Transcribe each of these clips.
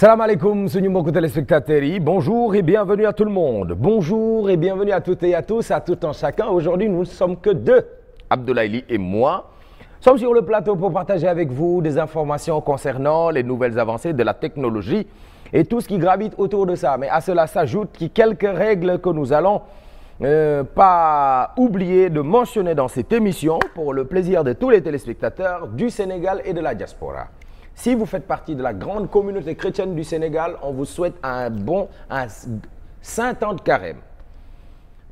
salaamaaleykum suñu mbokku téléspectateurs yi bonjour et bienvenue à tout le monde bonjour et bienvenue à toutes et à tous à tout un chacun aujourd'hui nous ne sommes que deux Abdoulaye Ly et moi sommes sur le plateau pour partager avec vous des informations concernant les nouvelles avancées de la technologie et tout ce qui gravite autour de ça mais à cela s'ajoute qui quelques règles que nous allons euh, pas oublier de mentionner dans cette émission pour Si vous faites partie de la grande communauté chrétienne du Sénégal, on vous souhaite un bon, un saint temps de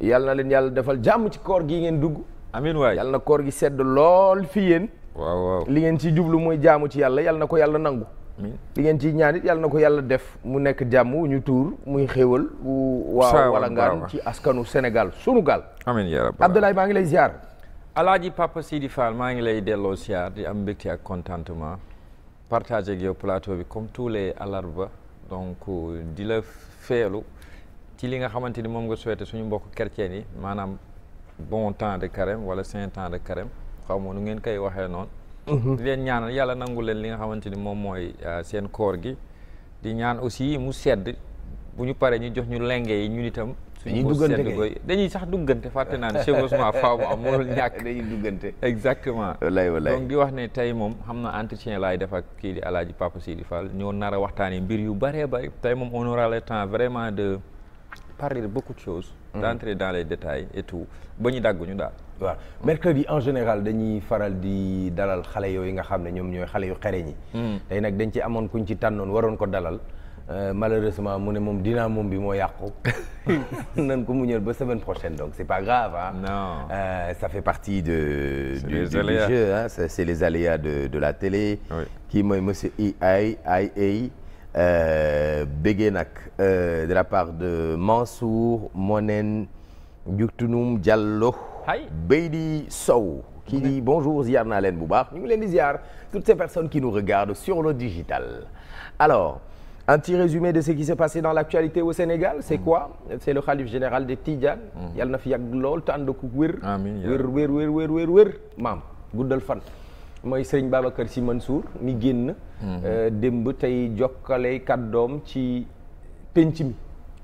na leen yàlla defal jàmm ci koor gi ngeen dugg. amiin waay yàlla na koor gi sedd lool fi yéen. waaw li ngeen ci jublu mooy jàmm ci yàlla yàlla na ko yàlla nangu. li ngeen ci ñaan yàlla na ko yàlla def mu nekk jàmm wu ñu tuur muy xéewal. waaw wala ngaan ci askanu Sénégal sunu gaal. amiin yaa rabbi Abdoulaye maa ngi lay ziar. Alaaji Papa Sidi Fall maa ngi lay delloo di am mbégte ak contentement. partagé ak yow plateau bi comme tout les alarba donc di la feelu ci li nga xamante ni moom nga souhaité suñu mbokk chrétien yi maanaam bon temps de carême wala saint temps de carême xaw ma nu ngeen koy waxee noonu. Mhm. leen ñaanal yàlla nangu leen li nga xamante ni moom mooy euh, seen koor gi. di ñaan aussi mu sedd bu ñu paree ñu jox ñu lenge yi ñun itam dañuy duggante kay dañuy sax duggante fàtte naa ne chevauchement faaw mu am mënul ñàkk. dañuy duggante exactement. wallaay wallaay donc di wax ne tey moom xam na entretien laay def ak kii di Alaaji Papa Sidi Fall ñoo nar a waxtaanee mbir yu bëree bëri tey moom on aura le temps vraiment de parler de beaucoup de choses. Mm. d'entrer dans les détails et ba ñu dagguñu daal. waaw mercredi en général dañuy faral di dalal xale yooyu nga xam ne ñoom ñooy xale yu xereñ yi. Mm. tey nag dañ ci amoon kuñ ci tànnoon waroon ko dalal. Euh, malheureusement mu ne moom dinaa moom bi moo yàqu nan ko muñal ba semaine prochaine donc c'est pa grave a non euh, partie de du, c'est les aléas de la télé kii oui. mooy monsieur EI IA euh, béggee nag de la part de Mansour Monen Juktunum Diallo Beydi Sow qui dit bonjour ziar na leen bu baax ñu ngi leen di ziar toutes ces personnes qui nous regardent sur le digital alors Un petit résumé de ce qui s'est passé dans l'actualité au Sénégal, c'est mm. quoi C'est le khalife général des Tidjane. Mm. yàlla na fi yàgg lool te ànd ko wér. wér wér wér wér wér wér maam guddal fan. mooy Serigne Babacar Sy Mansour mi génn. Mm-hmm. Euh, démb tey jokkale kàddoom ci penc mi.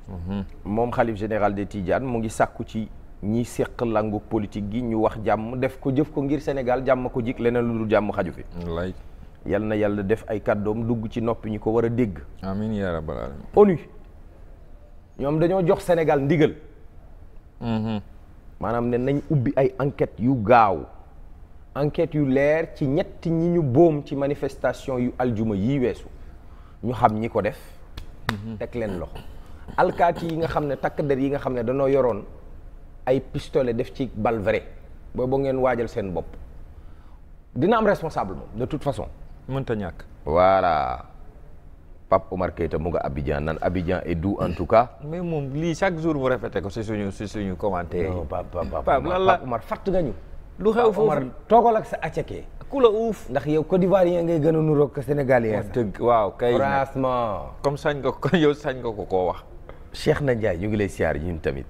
Mm-hmm. moom khalife général des Tidjane mu ngi sàkku ci ñi seq langu politique gi ñu wax jàmm def ko jëf ko ngir Sénégal jàmm ko jik leneen lu dul jàmm xaju fi. yal na yàlla def ay kàddoom dugg ci noppi ñi ko war a dégg. amiin yaa rabbal ONU ñoom dañoo jox Sénégal ndigal. Mhm. maanaam ne nañ ubbi ay enquêtes yu gaaw enquêtes yu leer ci ñett ñi ñu boom ci manifestation yu aljuma yi weesu ñu xam ñi ko def. Mhm. teg leen loxo. alkaati yi nga xam ne takk der yi nga xam ne danoo yoroon ay pistolet def ci balle boobu ngeen waajal seen bopp dina am responsable moom de toute façon. ta ñàkk. voilà Pape Omar Keita mu nga Abidjan naan Abidjan est doux en tout cas. mais moom lii chaque jour bu répété ko si suñu si suñu commentaire yi. Pape Pape Pape Omar fatt nga ñu. lu xew foofu Omar toogal ak sa acceke. ku la uuf ndax yow Côte d'Ivoirien ngay gën a nuroog que sénégalais. Oh, dëgg waaw kay franchement. comme sañ nga ko yow sañ nga ko koo wax. Cheikh na Ndiaye ñu ngi lay siyaar ñun tamit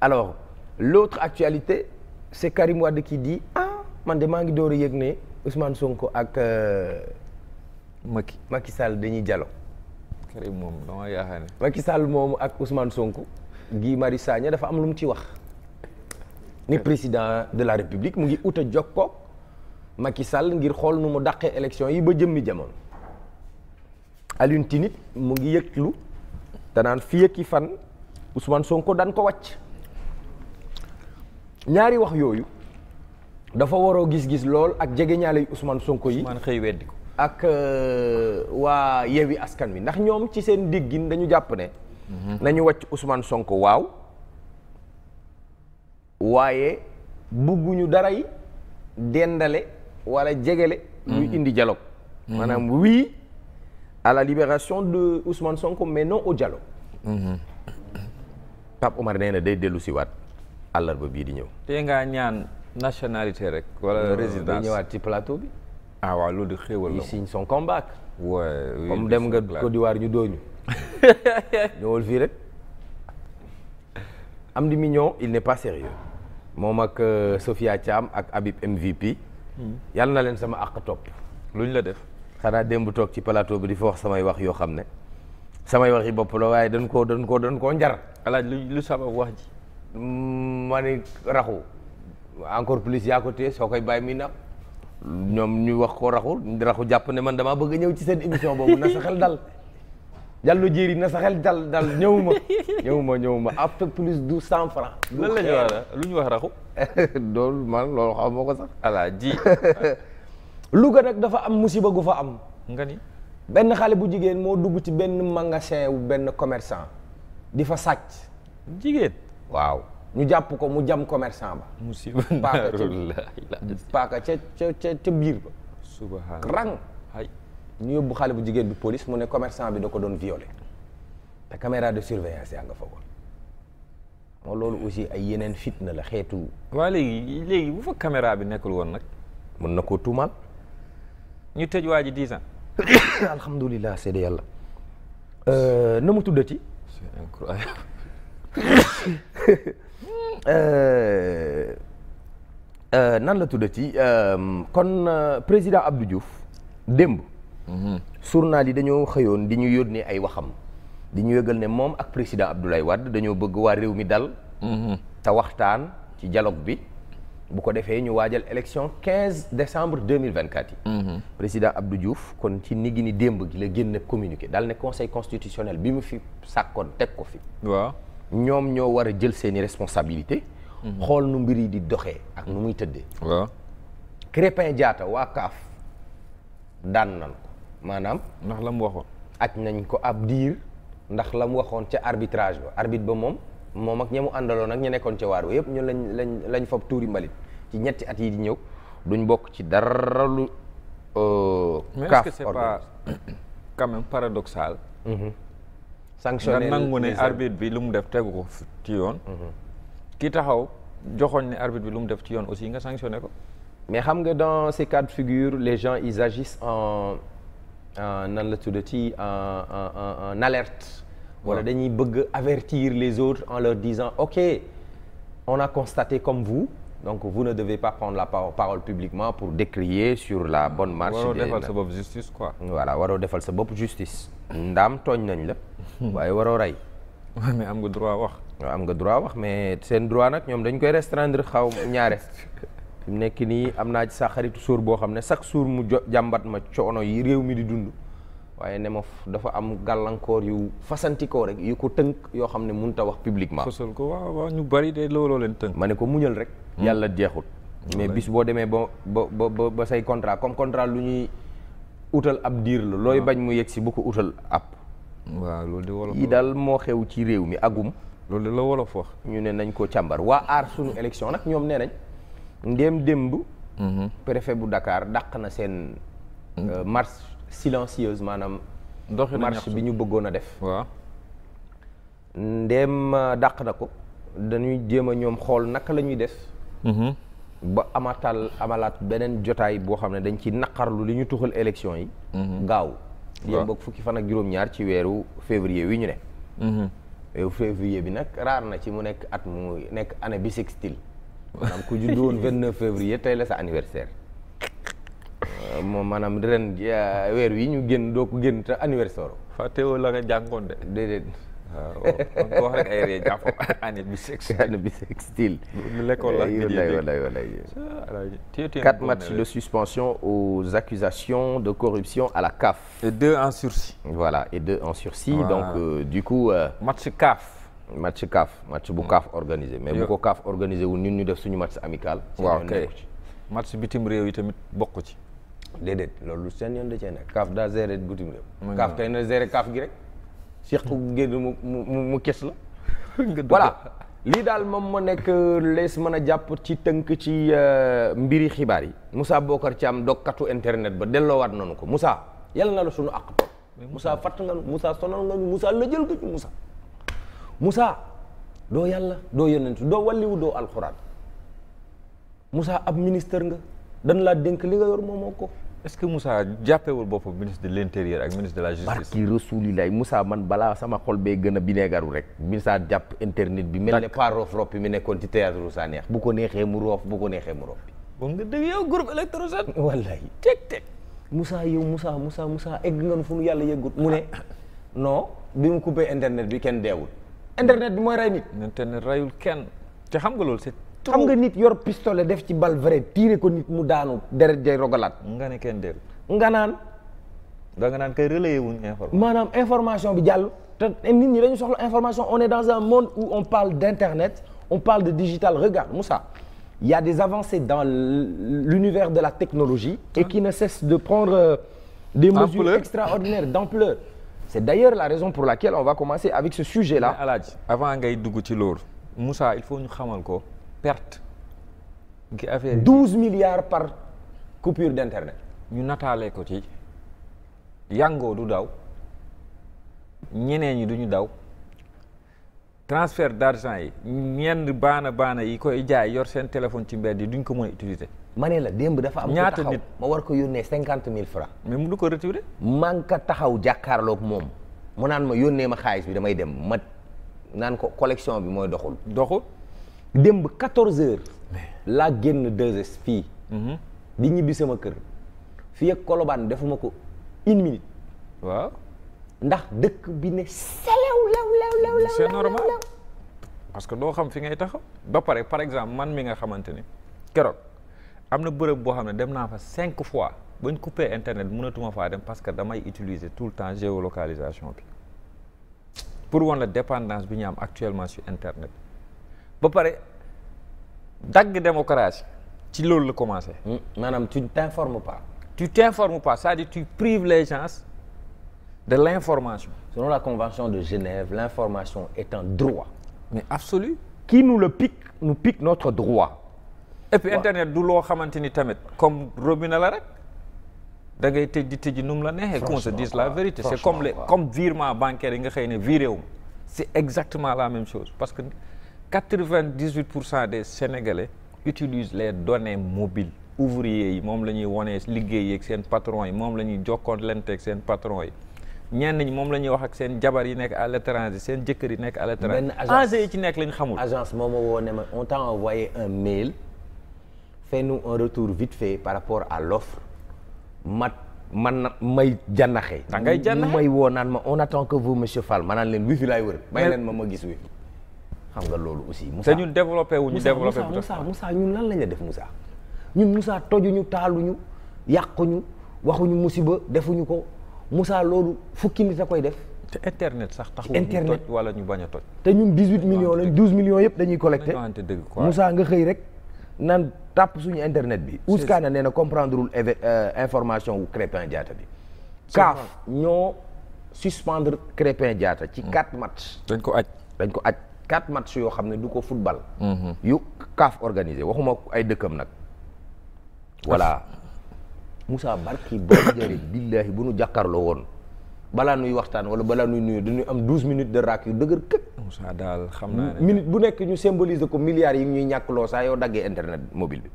alors l'autre actualité c'est Karim Wade qui dit ah man de maa ngi door yëg ne. Ousmane Sonko ak. Euh, Macky Macky Sall dañuy jalo kër moom Sall moom ak Ousmane Sonko. gi Marius Sagna dafa am lu mu ci wax. ni président de la république mu ngi ut a jokkoo Macky Sall ngir xool nu mu dàqee élection yi ba jëmmi jamono. Alioune Tine it mu ngi yëglu te naan fii ak fan Ousmane Sonko daan ko wàcc ñaari wax yooyu. dafa waroo gis-gis lool ak jegeñaale yu Ousmane Sonko yi Ousmane xëy weddi ko ak euh, waa Yewwi Askan Wi ndax ñoom ci seen diggin dañu jàpp ne mhm. nañu wàcc Ousmane Sonko waaw waaye bugguñu daray dendale wala jegele luy mhm. indi dialogue mhm. maanaam oui à la libération de Ousmane Sonko mais non au dialogue Pape Omar day dellu siwaat àllarba bii di ñëw te nga ñaan nationalité rek. wala résidence bi ñëwaat ci plateau bi. ah waaw loolu di xéwal son comeback. comme dem nga di waar ñu dooñu. ñëwal fii rek. Amdy Mignon il n'est pas sérieux moom ak euh, Sophia Thiam ak Habib MVP. Hmm. yal na leen sama àq topp. luñ la def. xanaa dem bu toog ci plateau bi di fa wax samay wax yoo xam ne. samay wax yi bopp la waaye dañ koo dañ koo dañ koo njar. alaaj lu lu sabab wax ji. Hmm, ma ni raxu. encore plus yaa ko téye soo koy bàyyi muy naaw ñoom ñu wax ko raxu raxu jàpp ne man damaa bëgg a ñëw ci seen émission boobu na sa xel dal jàllu jéeri na sa xel dal dal ñëwuma ñëwuma ñëwuma après plus du cent franc. lan la ñu lu ñu wax raxu. loolu man loolu xaw ma ko sax. ala ji. Louga nag dafa am musiba gu fa am. nga benn xale bu jigéen moo dugg ci benn magasin wu benn commerçant di fa sàcc. jigéen waaw. ñu jàpp ko mu jam commerçant ba. mu paaka ca ca ca ca biir ba. subhanallah rang. ñu yóbbu xale bu jigéen bi police mu ne commercant bi da ko doon violé. te caméra de surveillance yaa nga fa woon. moo loolu aussi ay yeneen fitna la xeetu. waa léegi léegi bu fa caméra bi nekkul woon nag. mën na koo tuumaal. ñu tëj waa ji dix yàlla. na mu tuddati. c'est incroyable. Euh, euh, nan la tuddati euh, kon président Abdou Diouf démb. Mhm. journal yi dañoo xëyoon di ñu yónnee ay waxam. di ñu yëgal ne moom ak président Abdoulaye wadd dañoo bëgg waa réew mi dal. Mhm. te waxtaan ci dialogue bi. bu ko defee ñu waajal élection 15 décembre 2024 yi. Mhm. président Abdou Diouf kon ci nigi ni démb gi la génn communiqué dal ne conseil constitutionnel bi mu fi sàkkoon teg ko fi. waa ñoom ñoo war a jël seeni responsabilité mhm. xool nu mbir yi di doxee ak nu muy tëddee waaw Crépin jaata waa kaaf daan nan ko maanaam ndax la mu waxoon aj nañ ko ab diir ndax la mu waxoon ca arbitrage ba arbitre ba moom moom ak ña mu àndaloon ak ñu nekkoon ca waar ba yëpp ñu lañ lañ lañ fob tuuri mbalit ci ñetti at yi di ñëw duñ bokk ci dara lu. Euh, kaaf paradoxal. Mhm. sanctionné nga nangu ne arbitre bi lu mu def tegu ko ci yoon. Mhm. ki taxaw joxoñ ne arbitre bi lu mu def ci yoon aussi nga sanctionné ko. mais xam nga dans ces cas de figure les gens ils en nan la tuddati en en alerte. wala dañuy bëgg avertir les autres en leur disant ok on a constaté comme vous. donc vous ne devez pas prendre la parole publiquement pour décrier sur la bon marche. waroo defal sa bopp justice quoi. voilà waroo defal sa bopp justice. ndaam tooñ nañ la. Hmm. waaye waroo rey. mais am nga droit wax. am nga droit wax mais seen droit nag ñoom dañ koy restreindre xaw ñaare. mu nekk nii am naa ci sa xaritu suur boo xam ne chaque suur mu jàmbat ma coono yi réew mi di dund. waaye ne ma dafa am gàllankoor yu fasantikoo rek yu ko tënk yoo xam ne mënut ta wax publiquement. fësal ko waaw waaw ñu bari de looloo leen tënk. ma ne ko muñal rek. Hmm. yàlla jeexut. Hmm. mais bis boo demee ba ba ba say contrat comme contrat lu ñuy utal ab diir la. looy ah. bañ mu yegg si bu ko utal ab. waaw loolu de daal moo xew ci réew mi agum. loolu de la wolof wax. ñu ne nañ ko càmbar waa aar suñu élection nag ñoom nee nañ. ndéem démb. Hmm. préfet bu dakaar dàq na seen. Euh, marche. silencieuse maanaam. marche bi ñu bëggoon a def. waaw. ndéem euh, dàq na ko dañuy jéem a ñoom xool naka la ñuy def. Mhm. ba amatal amalaat beneen jotaay boo xam ne dañ ci naqarlu lu ñu tuxal élection yi. Mhm. gaaw yéen bokk fukki fan ak juróom-ñaar ci weeru février wi ñu ne. Mhm. weeru février bi nag raar na ci mu nekk at mu nekk anne année bissextile. maanaam ku juddu woon 29 février tey la sa anniversaire. moom maanaam ren weer wi ñu génn doo ko génn te anniversaire. fàttewoo la nga jàngoon de. déedéet. waaw kon wax rek ay ree jàpp année bisextile. année quatre matchs de suspension aux accusations de corruption à la CAF. et deux en sursis. voilà et deux en sursis. Ah. donc euh, du coup. Euh, match CAF. match CAF match bu mm. CAF organisé. mais bu ko CAF organisé wu ñun ñu def suñu match amical. waa kay match bitim réew yi tamit bokk ci. déedéet loolu seen yoon da cee nekk kaaf daa géré bitim réew kaaf kay na géré kaaf gi rek seq génn mu mu mu kes la voilà lii daal moom moo nekk lees mën a jàpp ci tënk ci euh, mbiri xibaar yi Moussa ci am dokkatu internet ba delloowaat nanu ko Moussa yàlla na la sunu àq toog Moussa fatt nga nu Moussa sonal nga nu Moussa lëjël nga ci Moussa Moussa doo yàlla doo yonentu doo walliwu doo alxuraan Moussa ab ministre nga dañ laa dénk li nga yor moomoo ko. est-ce que Moussa jàppewul boppam ministre de l'intérieur ak ministre de la justice. barki rasulilaay Moussa man balaa sama xol bee gën a bineegaru rek. Moussa jàpp internet bi. mel ne pas roof rop bi mu nekkoon bu ko neexee mu roof bu ko neexee mu roof. moom nga dégg yow groupe électrogène. wallaay teg teg. Moussa yow musa Moussa Moussa egg nga fu nu yàlla yëggut mu ne. non bi mu coupé internet bi kenn deewul. internet bi mooy rey nit. internet reyul kenn. xam nga loolu c'est xam nga nit yor pistolet def ci bal vrai tiire ko nit mu daanu deret jay rogalaat. nga ne kenn del nga naan. da nga naan kay relayer wuñ information. maanaam information bi jàll. te nit ñi dañu soxla information on est dans un monde où on parle d'internet on parle de digital regarde Moussa il y a des avancées dans l'univers de la technologie. et qui ne cessent de prendre euh, des mesures ampleur. extraordinaires d'ampleur. c'est d'ailleurs la raison pour laquelle on va commencer avec ce sujet-là. mais Alaaji avant ngay dugg ci loolu Moussa il faut ñu xamal ko. perte. gi affaire douze milliards par coupure d' internet. ñu nataalee ko ci yàngoo du daw ñeneen ñi du ñu daw transfert d' argent yi ñenn baana baana yi koy jaay yor seen téléphone ci mbedd yi duñ ko mën a utiliser. ma ne la démb dafa am. ñaata nit ma war ko yónnee cinquante mille francs. mais mënu ko retirer. man ka taxaw jàkkaarloog moom mu naan ma yónnee ma xaalis bi damay dem ma naan ko collection bi mooy doxul. doxul. démb 14 heures laa génn 2S fii. Mhm. di ñibbi sama kër. fii ak Colobane defuma ko une minute. waaw. ndax dëkk bi ne selew lew lew lew lew c'est normal parce que loo xam fi ngay tax ba pare par exemple man mi nga xamante ni keroog am na bërëb boo xam ne dem naa fa cinq fois bañ coupé internet mënatuma faa dem parce que damay utiliser tout le temps localisation bi pour wan la dépendance bi ñu am actuellement sur internet. ba pare dagg démocratie ci loolu la commencé. Hmm, maanaam tu ne t'informes pas. tu ne pas c'est-à-dire tu prives les gens de l'information. selon la convention de Genève l'information est un droit. mais absolu. kii nous le pique nous pique notre droit. et puis ouais. internet du loo xamante ni tamit comme robine la rek da ngay tëj di tëj nu mu la neexee. qu'on la vérité c'est comme les comme virement bancaire yi nga xëy ne viré wu c'est exactement la même chose parce que. quatre-vingt-dix-huit pour cent des sénégalais utilisent les données mobiles ouvriers yi moom la ñuy wonee liggéey yeeg seen patron yi moom la ñuy jokkoonlante ak seen patron yi ñenn ñi moom la ñuy wax ak seen jabar yi nekk à l'étranger seen jëkkër yi nekk à l'étranger agence yi ci nekk lañ xamul agence moom moo woo ma on t'a envoyé un mail fais-nous un retour vite fait par rapport à l'offre mat man may jànnaxe da ngay jànnaxe may woo naan ma on attend que vous monsieur Fall ma naan leen wifi laay wër leen ma ma gis wifi xam nga loolu aussi. Moussa te ñun développé wu ñu développé bu Moussa Moussa ñun lan lañ la def Moussa ñun Moussa tojuñu taaluñu yàquñu waxuñu musiba defuñu ko Moussa loolu fukki nit a koy def. te internet sax taxul ñu toj wala ñu bañ a toj. te ñun dix huit millions lañ douze millions yëpp dañuy collecté Moussa nga xëy rek nan tàpp suñu internet bi. Ouskana nee na comprendre wul euh, information wu Crépin Diatta bi. kaaf ñoo suspendre Crépin Diatta. ci mm. quatre matchs. dañ ko aj dañ ko aj quatre matchs yoo xam ne du ko football. Mhm. yu kaaf organisé waxuma ay dëkkam nag. voilà Moussa Barki boo jëlee billaahi bu nu jàkkaarloo woon balaa nuy waxtaan wala balaa nuy nuyu dañuy am douze minute de raak yu dëgër këpp. Moussa daal xam naa ne minute bu nekk ñu symboliser ko milliards yi ñuy ñàkkloo saa yoo daggee internet mobile bi.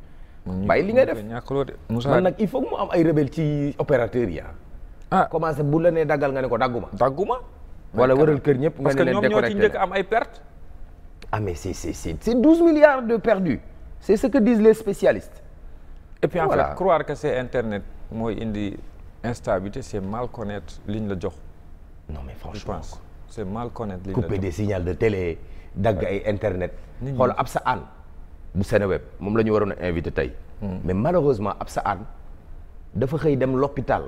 bàyyi li ngay def man nag il faut mu am ay rebelle ci opérateur yi ah. ah. commencé bu la nee daggal nga ne ko dagguma. dagguma. wala wëral kër ñëpp nga ne leen déconnecté am ay perte. ah mais c'est c'est c'est 12 milliards de perdus c'est ce que disent les spécialistes et puis en croire que c'est internet mooy indi instabilité c'est mal connaître liñ la jox non mais franchement je pense c'est mal connaître liñ la jox couper des signaux de télé dagg ay internet xool ab sa aan bu Seneweb moom la ñu waroon a invité tey hmm. mais malheureusement ab sa aan dafa xëy dem l'hôpital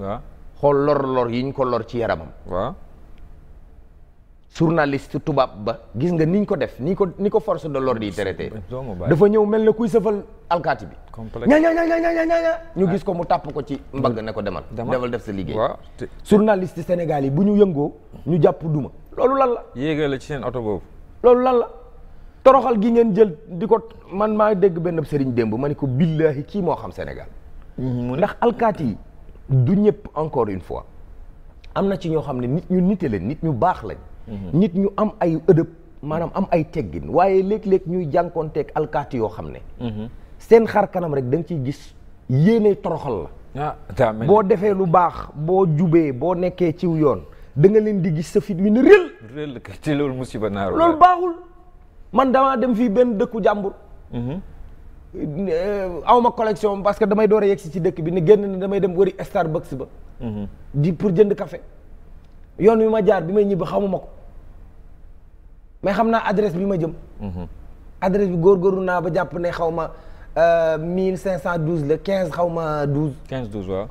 waaw xool lor lor yi ñu ko lor ci yaramam waaw journaliste tubaab ba gis nga niñ ko def ni ko ni ko force de l'ordre yi traité dafa ñëw mel na kuy sëfal alkaati bi ña ña ña ña ña ñu gis ko mu tàpp ko ci mbagg ne ko demal demal def sa liggéey journaliste Sénégal yi bu ñu yëngoo ñu jàpp duma loolu lan la yéegal la ci seen oto boobu loolu lan la toroxal gi ngeen jël di ko man maa dégg benn sëriñ démb ma ne ko billaahi kii moo xam Sénégal mhm, ndax alkaati yi du ñëpp encore une fois am na ci ñoo xam ne nit ñu nite leen nit ñu baax lañ Mhm. nit ñu am ay ëdëb maanaam am ay teggin waaye léeg-léeg ñuy jànkoonteeg alkaati yoo xam ne mhm. seen xar kanam rek danga ci gis yéene toroxal la ah, boo defee lu baax boo jubee boo nekkee ciw yoon danga leen di gis sa fit mi ne rél rél te loolu musiba naaru loolu baaxul man damaa dem fii benn dëkku jàmbur mhm. eh, awma collection parce que damay door a yegsi ci dëkk bi ne génn ne damay dem wëri Starbucks ba di pour jënd café yoon wi ma jaar bi may ñibbi xamuma ko mais xam naa adresse bi ma jëm. Mhm. adresse bi góorgóorlu naa ba jàpp ne xaw ma euh, mille cinq cent douze la quinze xaw ma douze. quinze douze waaw.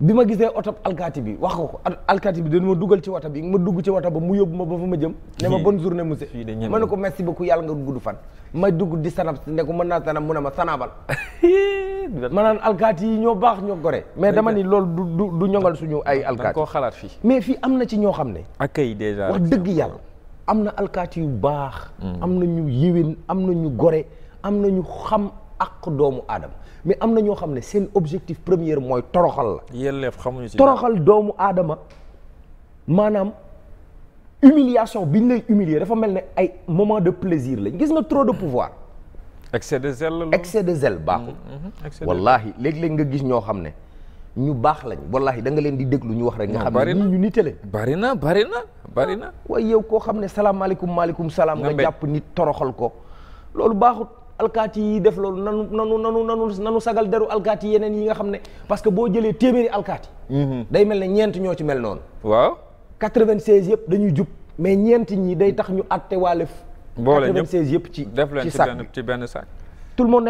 bi ma gisee oto alkaati bi wax ko alkaati bi dañu ma dugal ci wata bi ma dugg ci wata ba mu yóbbu ma ba fa ma jëm. ne ma bonne journée monsieur. man ne ko merci beaucoup yàlla nga gudd fan. ma dugg di sanab ne ko mën naa sanab mu ne ma sanabal. ma naan alkaati yi ñoo baax ñoo gore. mais dama ni lool du du du suñu ay. alkaati xalaat fii. mais fii am na ci ñoo xam ne. ak kay dèjà wax dëgg yàlla. am na alkaati yu baax. Mm. am na ñu yiwin am na ñu gore am na ñu xam ak doomu aadama mais am na ñoo xam ne seen objectif première mooy toroxal la. yelleef xamuñu ci toroxal doomu aadama maanaam humiliation biñ lay humilier dafa mel ne ay moment de plaisir lañ gis nga trop de pouvoir. excès de zèle la excès de zèle baaxul. Mm, mm, wallaahi léeg-léeg nga gis ñoo xam ne. ñu baax lañ wallahi da nga leen di déglu ñu wax rek nga xam ne ñu nite leen bari na bari na bari na ah, waaye yow koo xam ne salaamaaleykum maaleykum salaam nga jàpp nit toroxal ko loolu baaxut alkaati yi def loolu nanu nanu nanu nanu nanu sagal deru alkaati yeneen yi nga xam ne parce que boo jëlee téeméeri alkaati mhm. day mel ne ñeent ñoo ci mel noonu waaw quatre-vingt-seize yëpp dañuy jub mais ñeent ñii day tax ñu àtte waale quatre-vingt-seize yëpp ci ci sac benn sac tout le monde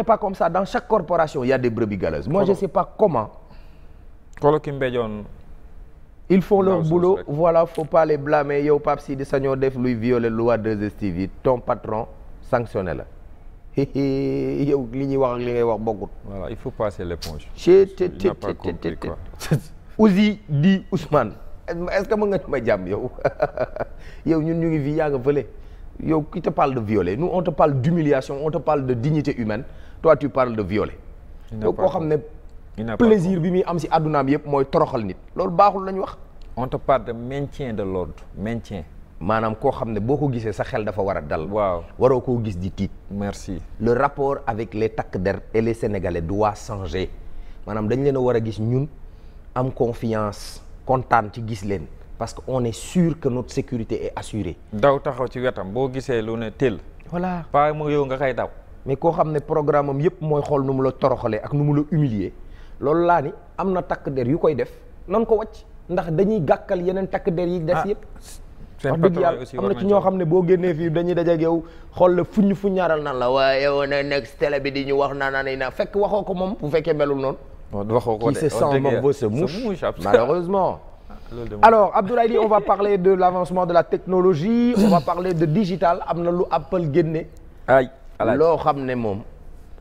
xoolal ki mbéjoon ils font leur boulot voilà faut pas les blâmer yow Pape Sidi Sagnoo def luy violer loi 2STV yi ton patron sanctionné la yow li ñuy wax ak li ngay wax bokkut. voilà il faut passer l'éponge. Ouzi di Ousmane est-ce que mën nga may jàmm yow yow ñun ñu ngi fii yaa nga fële yow qui te parle de violer nous on te parle d'humiliation on te de dignité humaine toi tu parles de violer. yow koo xam ne. plaisir bi muy am si àddunaam yëpp mooy toroxal nit loolu baaxul lañ wax on te parle de maintien de l'ordre maintien maanaam koo xam ne boo ko gisee sa xel dafa war a dal waaw waroo koo gis di tiit merci le rapport avec le takk der et les sénégalais doit changer maanaam dañ leen a war a gis ñun am confiance kontaan ci gis leen parce que on est sur que notre sécurité est assurée daw taxaw ci wetam boo gisee lu ne tel voilà pas moo yow nga koy daw mais koo xam ne programme am yëpp mooy xool nu mu la toroxalee ak nu mu la humilier loolu laa ni am na takk der yu koy def nan ko wàcc ndax dañuy gàkkal yeneen takk der yi des ah, yëpp wax dëgg yàlla am na ci ñoo xam ne boo génnee fii dañuy dajeeg yow xool la fuñ fuñ ñaaral nan la waaye yow na nekk télé bi di ñu wax naa naa na fekk waxoo ko moom bu fekkee melul noonu waxoo ko de qui se sent moom vaut se mouche malheureusement ah, alors de la technologie on va parler de am na lu Apple génne ay loo xam ne moom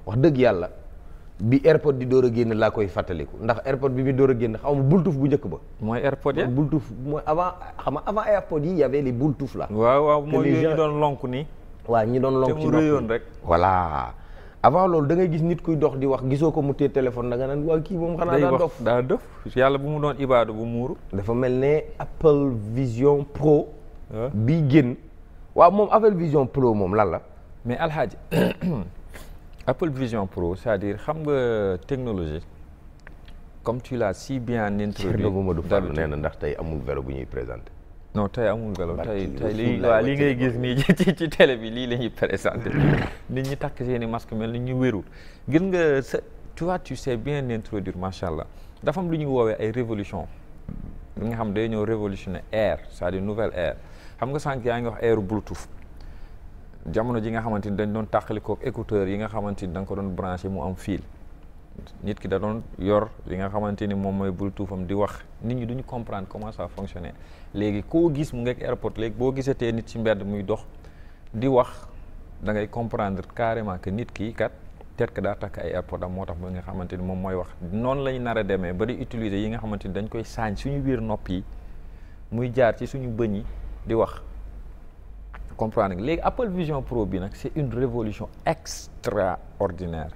wax dëgg yàlla bi airport di door a génn laa koy fàttaliku ndax airport bi mi door a génn xaw ma bultuf bu njëkk ba. mooy airport ya bultuf mooy avant xam nga avant airport yi y avait les la là. waaw waaw mooy ñu doon lonk nii. waa ñi doon lonk ci ndox mi rek. voilà avant loolu da ngay gis nit kuy dox di wax gisoo ko mu téye téléphone da nga naan waaw kii moom xanaa daa dof daa dof yàlla bu mu doon ibaadu bu muuru. dafa mel ne Apple Vision Pro. Ah. bi génn waa moom Apple Vision Pro moom lan la. mais alxaaji Apple Vision Pro c'est-à-dire xam nga technologie comme tu la si bien introduit. d' nee na ndax tey amul velo bu ñuy présenté. non tey amul vélo tey tey lii waaw li ngay gis nii ci ci télé bi lii la ñuy présenté nit ñi takk seeni masque mel ni ñu wérul gën nga sa tu vois tu sais bien introduire macha allah dafa am lu ñuy woowee ay révolution li nga xam day ñëw révolutionner air cest à nouvelle air xam nga sànq yaa ngi wax air Bluetooth. jamono ji nga xamante ni dañ doon tàqalikook écouteurs yi nga xamante ni da nga ko doon branché mu am fil nit ki da doon yor li nga xamante ni moom mooy bul tuufam di wax nit ñi duñu comprendre comment ça fonctionne léegi koo gis mu ngeek airport léegi boo gisatee nit ci mbedd muy dox di wax da ngay comprendre carrément que nit ki kat peut-être que daa takk ay airport am moo tax mu nga xamante ni moom mooy wax noonu lañ nar a demee ba di utiliser yi nga xamante ni dañ koy saañ suñu biir nopp yi muy jaar ci suñu bëñ yi di wax comprendre nga léegi Apple Vision Pro bi nag c'est une révolution extraordinaire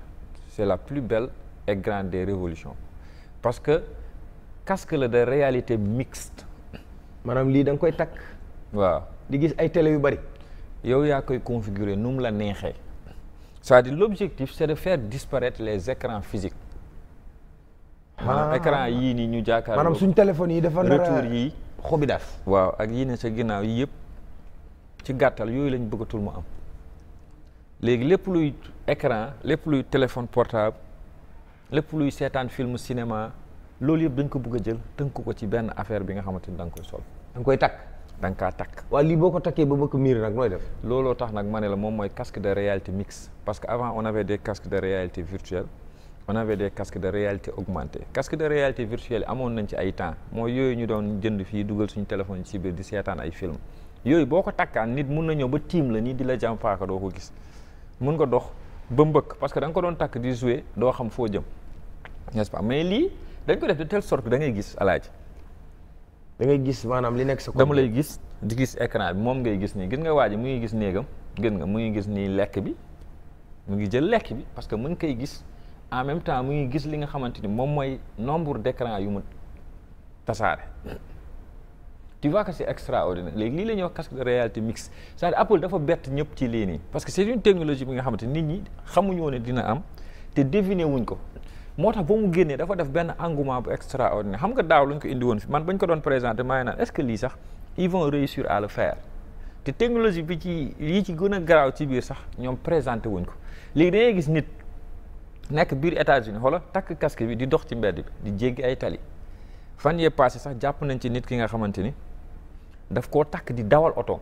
c'est la plus belle et grande des parce que casque la de réalité mixte. maanaam lii da nga koy takk. waaw di gis ay télé yu bari. yow yaa koy configurer nu mu la neexee. c'est-à-dire l'objectif c'est de faire disparaître les écrans physiques. maanaam ah. écran yii nii ñu jaakaar maanaam suñu téléphone yi dafa nar retour yi xobi daaf. waaw ak yii ne sa ginnaaw yii yëpp. ci gàttal yooyu lañu bëggatul mu am léegi lépp luy écran lépp luy téléphone portable lépp luy seetaan film cinéma loolu yëpp dañ ko bëgg a jël tënk ko ci benn affaire bi nga xamante ni da nga koy sol da koy takk da nga kaa takk waaw lii boo ko takkee ba bëgg miir nag nooy def looloo tax nag ma ne la moom mooy casque de réalité mixte parce que avant on avait des casques de réalité virtuelle on avait des casques de réalité augmentée casque de réalité virtuelle amoon nañ ci ay temps mooy yooyu ñu doon jënd fii dugal suñu téléphone ci biir di seetaan ay film yooyu boo ko takkaan nit mun na ñëw ba tiim la nii di la jàm doo ko gis mun nga dox ba mbëkk parce que da nga ko doon takk di jouer doo xam foo jëm n'est-ce pas mais lii dañ ko def de telle sort que da ngay gis alaaji da ngay gis maanaam li nekk sa dama lay gis di gis écran bi moom ngay gis nii gis nga waa ji mu ngi gis néegam gën nga mu ngi gis nii lekk bi mu ngi jël lekk bi parce que mu ngi koy gis en même temps mu ngi gis li nga xamante ni moom mooy nombre d'écran yu mu ti vois que c'est extraordinaire léegi lii la ñuy wax casque de réalité mixte c'est-à-dire Apple dafa bett ñëpp ci lii nii parce que c'est une bi nga xamante nit ñi xamuñu woon dina am te deviner wuñ ko moo tax ba mu génnee dafa def benn engouement bu extraordinaire xam nga daaw lañ ko indi woon fi man bañ ko doon présenter maa ngi naan est-ce que lii sax ils réussir à le te technologie bi ci lii ci gën a garaaw ci biir sax ñoom présenter wuñ ko léegi dangay gis nit nekk biir États-Unis xoola takk casque bi di dox ci mbedd bi di jéggi ay tali fan yee passé sax jàpp nañ ci nit ki nga xamante ni daf koo takk di dawal oto.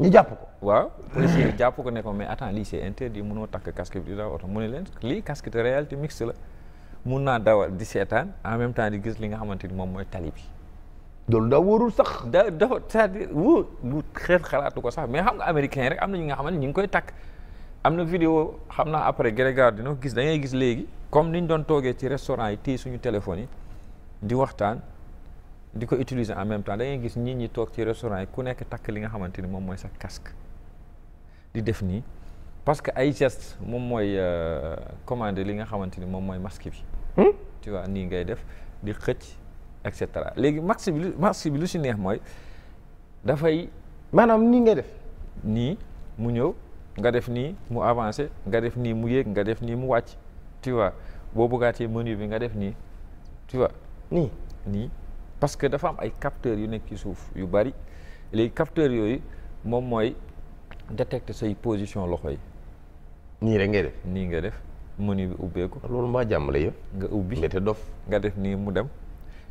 ñu jàpp ko. waaw policier jàpp ko ne ko mais attends lii c'est interdit mënoo takk casque bi di dawal oto mu ne leen lii casque de réalité mixte la mun naa dawal di seetaan en même temps di gis li nga xamante ni moom mooy tali bi. doolu daa wóorul sax. da dafa c'est-à-dire lu xeet xalaatu ko sax mais xam nga américain rek am na ñi nga xamante ni ñu ngi koy takk. am na video xam naa après Grégoire dina ko gis da ngay gis léegi comme ni ñu doon toogee ci restaurant yi téye suñu téléphone yi di waxtaan. di ko utiliser en même temps da gis nit ñi toog ci restaurant yi ku nekk takk li nga xamante ni moom mooy sa casque di def nii parce que ay geste moom mooy euh, commander li nga xamante ni moom mooy masque bi. Hmm? tu nii ngay def di xëcc et cetera léegi masque bi lu bi lu si neex mooy dafay. maanaam nii ngay def. nii mu ñëw nga def nii mu avancé nga def nii mu yéeg nga def nii mu wàcc tu vois boo bëggaatee menu bi nga def nii tu nii nii. parce que dafa am ay capteurs yu nekk ci suuf yu bari léegi capteurs yooyu moom mooy détecter say position loxo yi. nii rek ngay def nii nga def menu bi ubbeeku. loolu mbaa jàmm la yow. nga ubbi nga te dof nga def nii mu dem.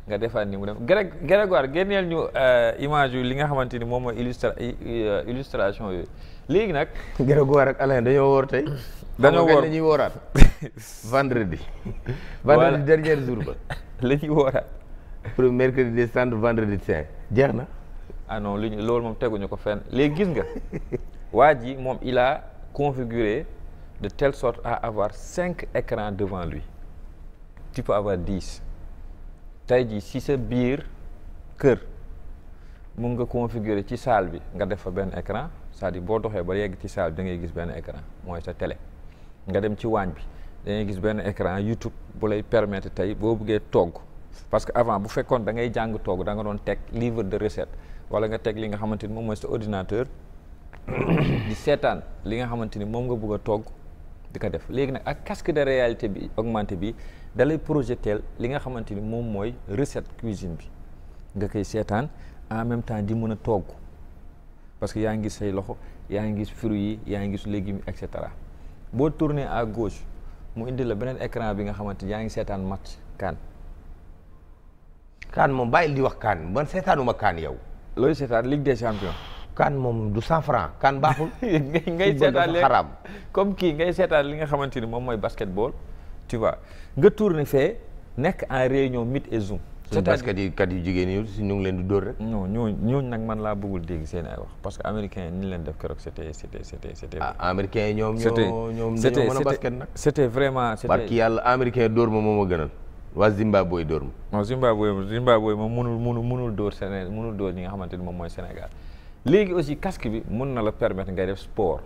nga defaat ni mu dem Gré Grégoire génneel ñu euh, image yu li nga xamante ni moom mooy illustra euh, illustration yooyu léegi nag. Grégoire ak Alain dañoo woor tey. dañoo woor dañuy wooraat. vendredi. vendredi dernier jour ba. la ñuy pour mercredi de cendre vendredi saint jeex na. ah non loolu moom teguñu ko fenn léegi gis nga waa ji moom il a configuré de telle sorte à avoir cinq écrans devant lui tu peux avoir tey jii si sa biir kër mun nga configurer ci salle bi nga def fa benn écran cest à boo doxee ba yegg ci salle bi da ngay gis benn écran mooy sa télé nga dem ci waañ bi da gis benn écran YouTube bu lay permettre tey boo buggee togg. parce que avant bu fekkoon dangay ngay jàng toog da doon teg livre de recette wala nga teg li nga xamante ni moom mooy sa ordinateur di seetaan li nga xamante ni moom nga bëgg a togg di ko def léegi nag ak casque de réalité bi augmenté bi da lay projetel li nga xamante ni moom mooy recette cuisine bi nga koy seetaan en même temps di mën a togg parce que yaa ngi gis say loxo yaa ngi gis fruits yi yaa ngi gis légumes yi et cetera boo tourner à gauche mu indi la beneen écran bi nga xamante yaa ngi seetaan match kan kaan moom bàyyil di wax kaan man seetaanuma kaan yow. looy seetaan Ligue des champions. kaan moom du cent franc kaan baaxul. ngay seetaan xaraam comme kii ngay seetaan li nga xamante ni moom mooy basketball. tu vois nga tourné fee nekk en réunion Meet et Zoom. suñu kat yu jigéen ñi si ñu leen di dóor rek. non ñooñu ñooñu nag man laa bëggul dégg seen ay wax parce que américain ni leen def keroog c'était c'était c'était c'était. ah américain yi ñoom ñoo ñoom yàlla américain dóor ma moom a gënal. waa Zimbabwe dóor ma. non Zimbabwe Zimbabwe moom munul munul munul dóor Sénégal munul dóor ñi nga xamante ni moom mooy Sénégal léegi aussi casque bi mun na la permettre ngay def sport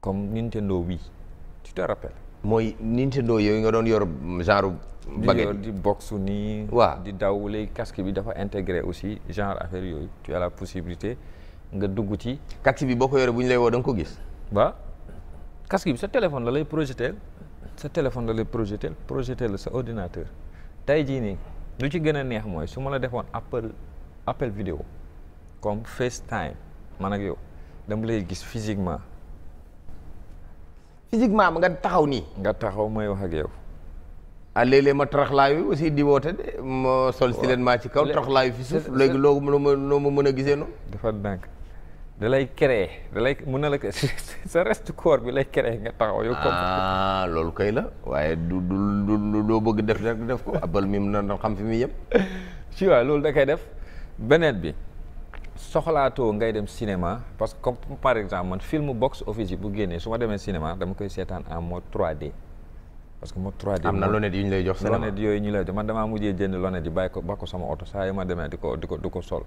comme Nintendo Wii tu te rappelles. mooy Nintendo yooyu nga doon yor genre. baguette bokk su nii. waaw di daw léegi casque bi dafa intégré aussi genre affaire yooyu tu as possibilité nga dugg ci. casque bi boo ko yoree bu ñu lay woo da nga ko gis. waa casque bi sa téléphone la lay projeté. sa téléphone la lay projeté projeté la sa ordinateur tey jii nii lu ci gën a neex mooy su ma la defoon appel appel vidéo comme FaceTime man ak yow dama lay gis physiquement. physiquement ma nga taxaw nii. nga taxaw mooy wax ak yow. ah léeg-léeg ma taraxlaayu aussi di woote de ma sol si leen maa ci kaw taraxlaayu fi suuf léegi loo ma loo ma mën a gisee noonu. defar dànk. da lay créer da lay na la sa rest corps bi lay créer nga taxaw yow. ah loolu kay la waaye du du du doo bëgg def rek def ko abal mi na doon xam fi muy yem. ci waaw loolu da koy def beneen bi soxlaatoo ngay dem cinéma parce que comme par exemple man film box office yi bu génnee su ma demee cinéma dama koy seetaan en mode 3D. parce que mode 3 am na lunettes yu ñu lay jox cinéma lunettes yooyu ñu lay jox man damaa mujjee jënd lunettes yi bàyyi ko ba ko sama oto saa yu ma demee di ko di ko di ko sol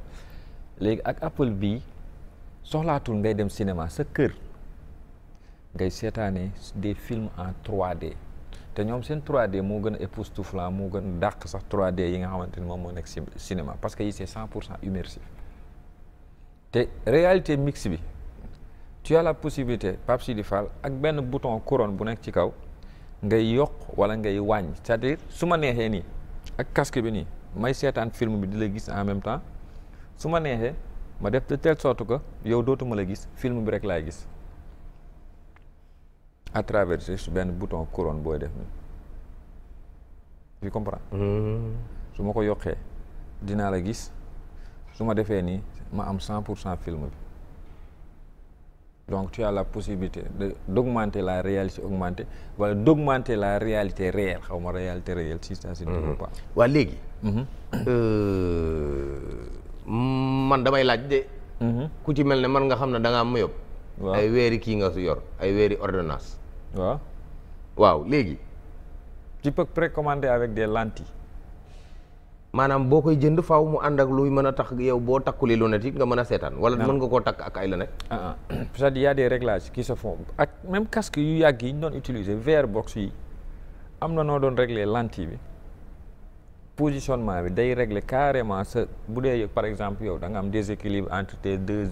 léegi ak Apple bii. soxlaatul ngay dem cinéma sa kër ngay seetaane des films en 3D te ñoom seen trois d moo gën a époustouflant moo gën dàq sax 3D yi nga xamante ni moom moo nekk cinéma parce que yi c'est cent pour cent immersif te réalité mix bi tu as la possibilité Pape Sidi Fall ak benn bouton couronne bu nekk ci kaw ngay yokk wala ngay wàññ cest dire su ma neexee nii ak casque bi nii may seetaan film bi di la gis en même temps su ma neexee ma def de telle sorte que yow dootuma la gis film bi rek laa gis à travers juste benn bouton couronne booy def nii hmm. su ma ko yokkee dinaa la gis su ma defee nii ma am cent pour cent film bi donc tu as la possibilité de d'augmenter la réalité augmentée wala d'augmenter la réalité réelle xaw ma réalité réelle si ça se dit hmm. waa léegi. Mhm. Euh, man damay laaj de. Mhm. ku ci mel ne man nga xam ne da ngaa mayob. ay weeri kii nga su yor ay weeri ordonnance. waaw waaw léegi. tu peux avec des lentilles. maanaam boo koy jënd faaw mu ànd ak luy mën a tax yow boo takkuli lunette it nga mën a seetaan. wala mën nga koo takk ak ay lunette. ah ah c'est-à-dire y a des ak même casque yu yàgg yi ñu doon utiliser VR box yi am na noo doon régler lentille bi. positionnement bi day régler carrément sa bu dee par exemple yow da nga am déséquilibre entre tes deux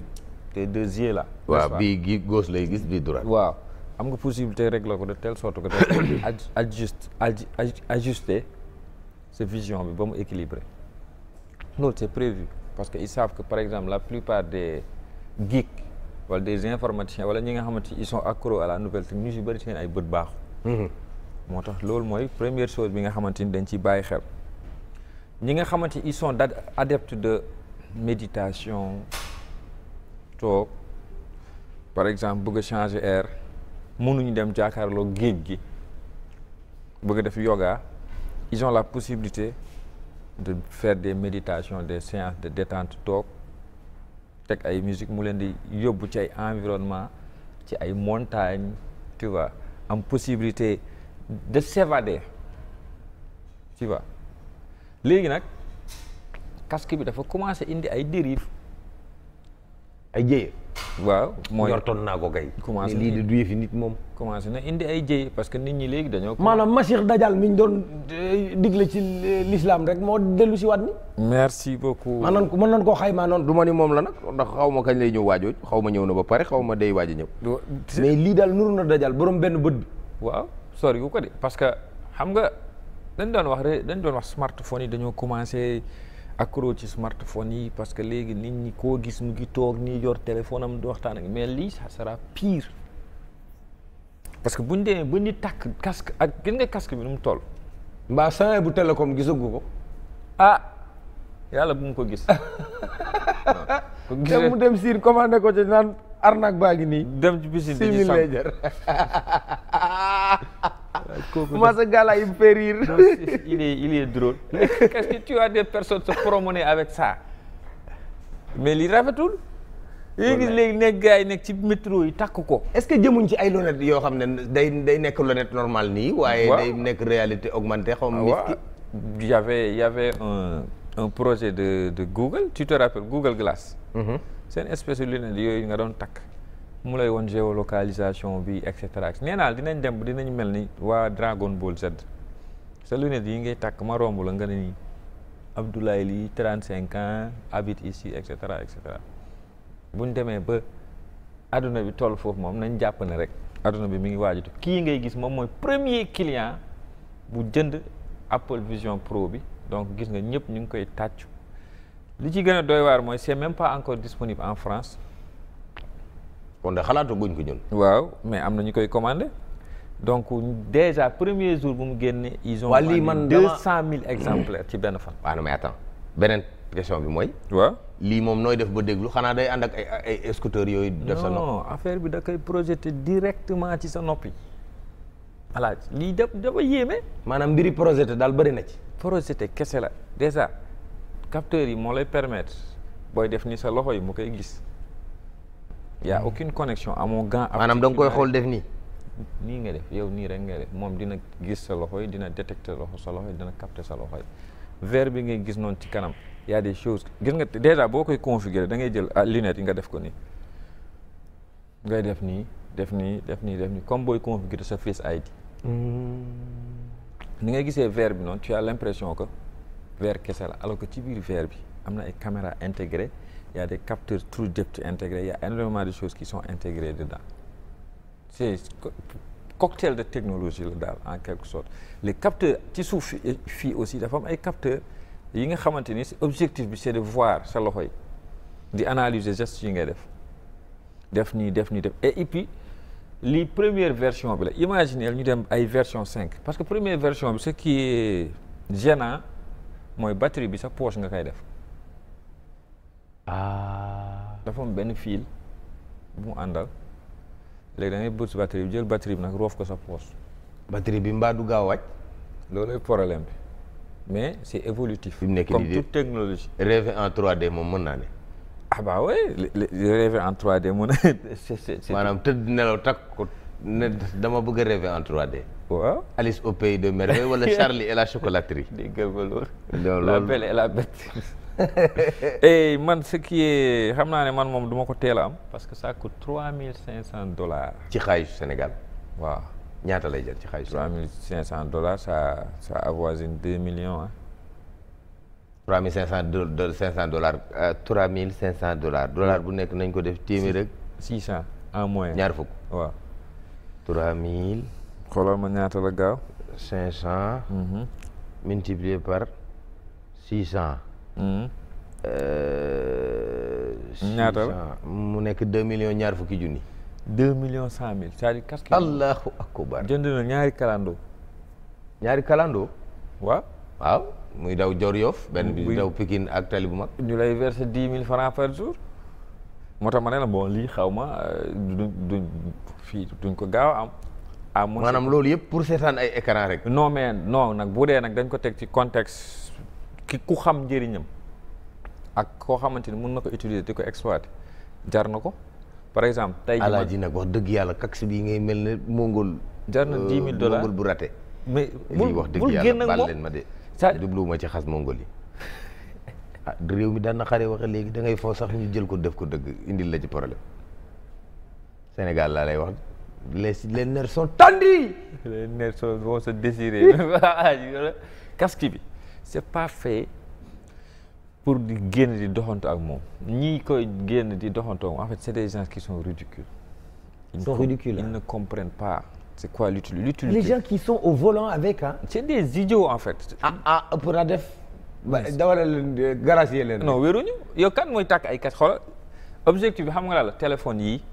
tes deux yeux là. waaw bii gi gauche lay gis bii droite. waaw am nga possibilité régler ko de telle sorte que da ajuste ajuster sa vision bi ba mu équilibré loolu c'est prévu parce que ils savent que par exemple la plupart des geeks wala des informaticiens wala ñi nga xamante ils sont accros à la nouvelle technologie ñu si bëri seen ay bët baaxu mm-hmm. moo tax loolu mooy première chose bi nga xamante ni dañ ciy bàyyi xel ñi nga xamante ils sont adeptes de méditation toog par exemple bëgg a changer air mënuñu dem jàkkaarloo géej gi bëgg def yoga ils ont la possibilité de faire des méditation des séances de détente toog teg ay musique mu leen di yóbbu ci ay environnement ci ay montagnes tu vois possibilité de s'évader tu léegi nag kaski bi dafa commencé indi ay dérive ay jéye waaw mooy yortoon naa ko kay commencé lii de du yëfi nit moom commencé na indi ay jéye parce que nit ñi léegi dañoo maanaam masix dajal mi ñu doon eh, digle ci l'islam rek moo dellu si waat ni merci beaucoup man noon mën noon koo xaymaa noonu du ma ni moom la nag ndax xaw ma kañ lay ñëw waajooj xaw ma ñëw na ba pare xaw ma day waaj a ñëw lii daal nuru na dajal borom benn bët bi waaw sori wu ko de parce que xam nga dañ doon wax rek dañ doon wax smartphone yi dañoo commencé accro ci smartphone yi parce que léegi nit ñi ko gis mu ngi toog nii yor téléphone am di waxtaan ak mais lii ça sera pire parce que bu ñu ba ñu takk casque ak gën nga casque bi nu mu toll. mbaa saa bu télécom gisagu ko. ah yàlla bu mu ko gis. ko gisee mu dem siin commandé ko ci naan arnaque baa ngi nii. dem ci piscine bi ci Massa Gala il me fait rire. Non, il est il est drôle. Qu'est-ce que tu des personnes se promener avec ça. mais li rafetul. loolu léegi nekk gaa yi nekk ci métro yi takk ko. est-ce que jëmuñ ci ay lunettes yoo xam ne day day nekk lunette normale nii. waaye day nekk réalité augmentée xaw ma. Ah, waaw y avait y avait un projet de de Google tu te rappelles Google Glass. Mhm. seen espèce de lunette yooyu nga doon takk. mu lay woon géolocalisation bi et cetera nee naa dinañ dem dinañ mel ni waa Dragon Ball Z sa lunette yi ngay tàkk ma romb la nga ne nii Abdoulaye lii trente cinq ans habite ici et cetera et cetera bu ñu demee ba adduna bi toll foofu moom nañ jàpp ne rek adduna bi mu ngi waajatu kii ngay gis moom mooy premier client bu jënd Apple Vision Pro bi donc gis nga ñëpp ñu ngi koy tàccu li ci gën a doy waar mooy c'est même pas encore disponible en France. kon de xalaatu guñ ko ñun. waaw mais am na ñu koy commandé. donc déjà premier jour bu mu ison ils lii man deux cent mille exemplaires ci benn fan. waaw non mais attends beneen question bi mooy. waa lii moom nooy def ba déglu xanaa day ànd ak ay ay scooters yooyu. def sa nopp non affaire bi da koy projeté directement ci sa noppi. voilà lii da dafa yéeme. maanaam mbiri projeté daal bëri na ci. projeté kese la déjà capteurs yi moo lay permettre booy def ni sa loxo yi mu koy gis. y a aucune connexion amoo gant. maanaam danga koy xool def nii. nii nga def yow nii rek nga def moom dina gis sa loxo yi dina détecter loxo sa loxo yi dina capter sa loxo yi verre bi ngay gis noonu ci kanam y a des choses gis nga déjà boo koy configurer dangay jël ah, lunette yi nga def ko nii ngay def nii def nii def nii def nii comme booy configurer sa Face ID. Hmm. ni ngay gisee verre bi noonu tu as l'impression ko verre kese la alors que ci biir verre bi am na ay caméra intégrée il y a des capteurs True Depth intégrés il y de choses qui sont intégrées dedans c'est cocktail de technologie la daal en quelque sorte les capteurs ci suuf fii aussi dafa am ay capteurs yi nga xamante ni objectif bi c'est de voir sa loxo yi di analyser gestes yi ngay def def nii def nii def et puis li première version bi la imaginez ñu dem ay version cinq parce que première version bi ce qui est mooy batterie bi sa poche nga koy def ah. dafa benn fil bu mu àndal léegi da ngay bës batterie bi jël batterie bi nag roof ko sa poche. batterie bi mbaa du gaaw a wàcc. loolooy problème bi mais c' est évolutif. fi mu nekk comme toute technologie. rêver en 3D moom mën naa ne. ah bah oui rêver en 3D mën na. maanaam tëdd nelaw takk ko ne dama bëgg a rêver en 3D. waaw Alice au de merveille wala Charlie et la chocolaterie. dégg nga loolu. la belle et la bête. Eh, man ce qui est xam naa ne man moom duma ko teel am parce que ça coûte trois mille cinq cent dollars. ci xaalisu Sénégal. waaw ñaata lay jël ci xaalisu. trois mille cinq cent dollars ça ça avoisine deux millions ah. trois mille cinq cent dollars cinq cent dollars mille cinq cent dollars dollar bu nekk nañ ko def téeméer rek. six cent en moyenne ñaar fukk waaw. trois mille. xoolal ma ñaata la gaaw. cinq mhm. par Hmm. Euh, ñaata la mu nekk deux millions ñaar fukki junni. deux millions cent mille c'est-à-dire quatre kilos. jënd na ñaari kalandoo. ñaari kalando waaw waaw muy daw Dior Yoff benn bi di daw Pikine ak tali bu mag. ñu lay verser dix mille francs par jour. moo tax ma ne la bon lii xaw ma du euh, du duñ ko gaaw am. ah maanaam loolu yëpp pour seetaan ay écran rek. non mais non nag bu dee nag dañ ko teg ci contexte. ki ku xam njëriñam ak koo xamante ni mën na ko utiliser di ko exploiter jar na ko par exemple. tey jii alaaji nag wax dëgg yàlla kaks bi ngay mel ne mongol. jar na euh, dix mille dollars mongol wax dëgg yàlla baal leen ma de. sa jubluwuma ci xas mongol yi. ah réew mi daan na xare waxe léegi da ngay foo sax ñu jël ko def ko dëgg indil la ci problème Sénégal wax les les nerfs bi. c'est pas fait pour di génn di doxanto ak moom ñii koy génn di doxantu ak moom en fait c'est des gens qui sont ridicules. ils sont ridicules ils ne comprennent pas. c'est quoi l'utilité les gens qui sont au volant avec ah. des idiots en fait. ah ah pour a def. dawalal leen garage yi leen. non wéruñu yow kan mooy tàkk ay kat xoolal objectif bi xam nga la téléphone yi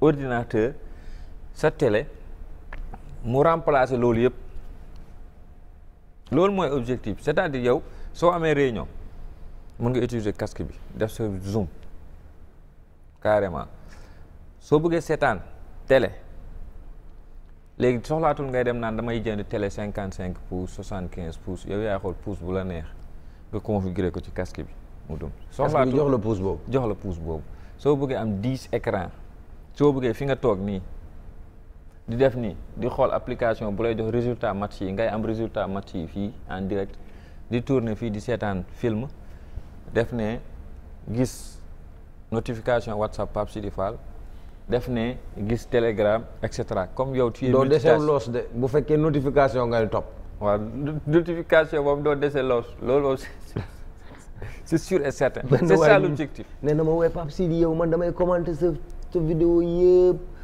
ordinateur sa télé mu remplacer loolu yëpp. loolu mooy objectif cest di dire yow soo amee réunion mën nga utiliser casque bi def sa zoom carrément soo bëggee seetaan télé léegi soxlaatul ngay dem naan damay jënd télé cinquante cinq pouces soixante quinze pouse yow yaay xool pouse bu la neex nga configurer ko ci casque bi mu dum soxlaatul jox la pouce boobu jox la pouse boobu soo bëggee am dix écran soo bëggee fi nga toog nii di def nii di xool application bu lay jox résultat match yi ngay am résultat match yi fii en direct di tourner fii di seetaan film def ne gis notification WhatsApp Pape Sidi Fall def ne gis Telegram et cetera comme yow. tu es doo dese loos de bu fekkee notification ngay topp. waaw notification boobu doo dese loos loolu moom c'est sûr et certain. c'est ça l'objectif. nee na ma woowee Pape Sidi yow man damay commenter sa sa vidéo yëpp.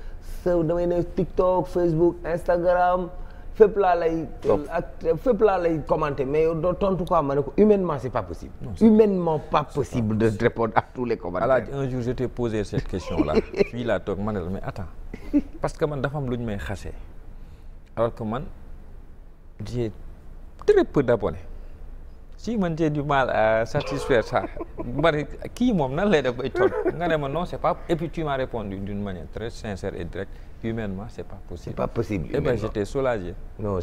sa damay ne TikTok Facebook Instagram fépp laa lay. ak fépp laa lay commenter mais yow doo tontu quoi ma ne ko humainement c'est pas possible. humainement pas possible de répondre a tous les commentaires. Alaaji un jour je t'ai posé cette question là fii laa toog ma ne la mais attends parce que man dafa am lu may xasee alors que man j'ai très peu d'abonnés. si man j'ai du mal à satisfaire ça bari kii moom nan lay def bay toll nga ne ma non c'est pas et puis tu m'as répondu d'une manière très sincère et directe humainement c'est pas possible. c'est pas possible humainement eh ben j'étais soulagé. non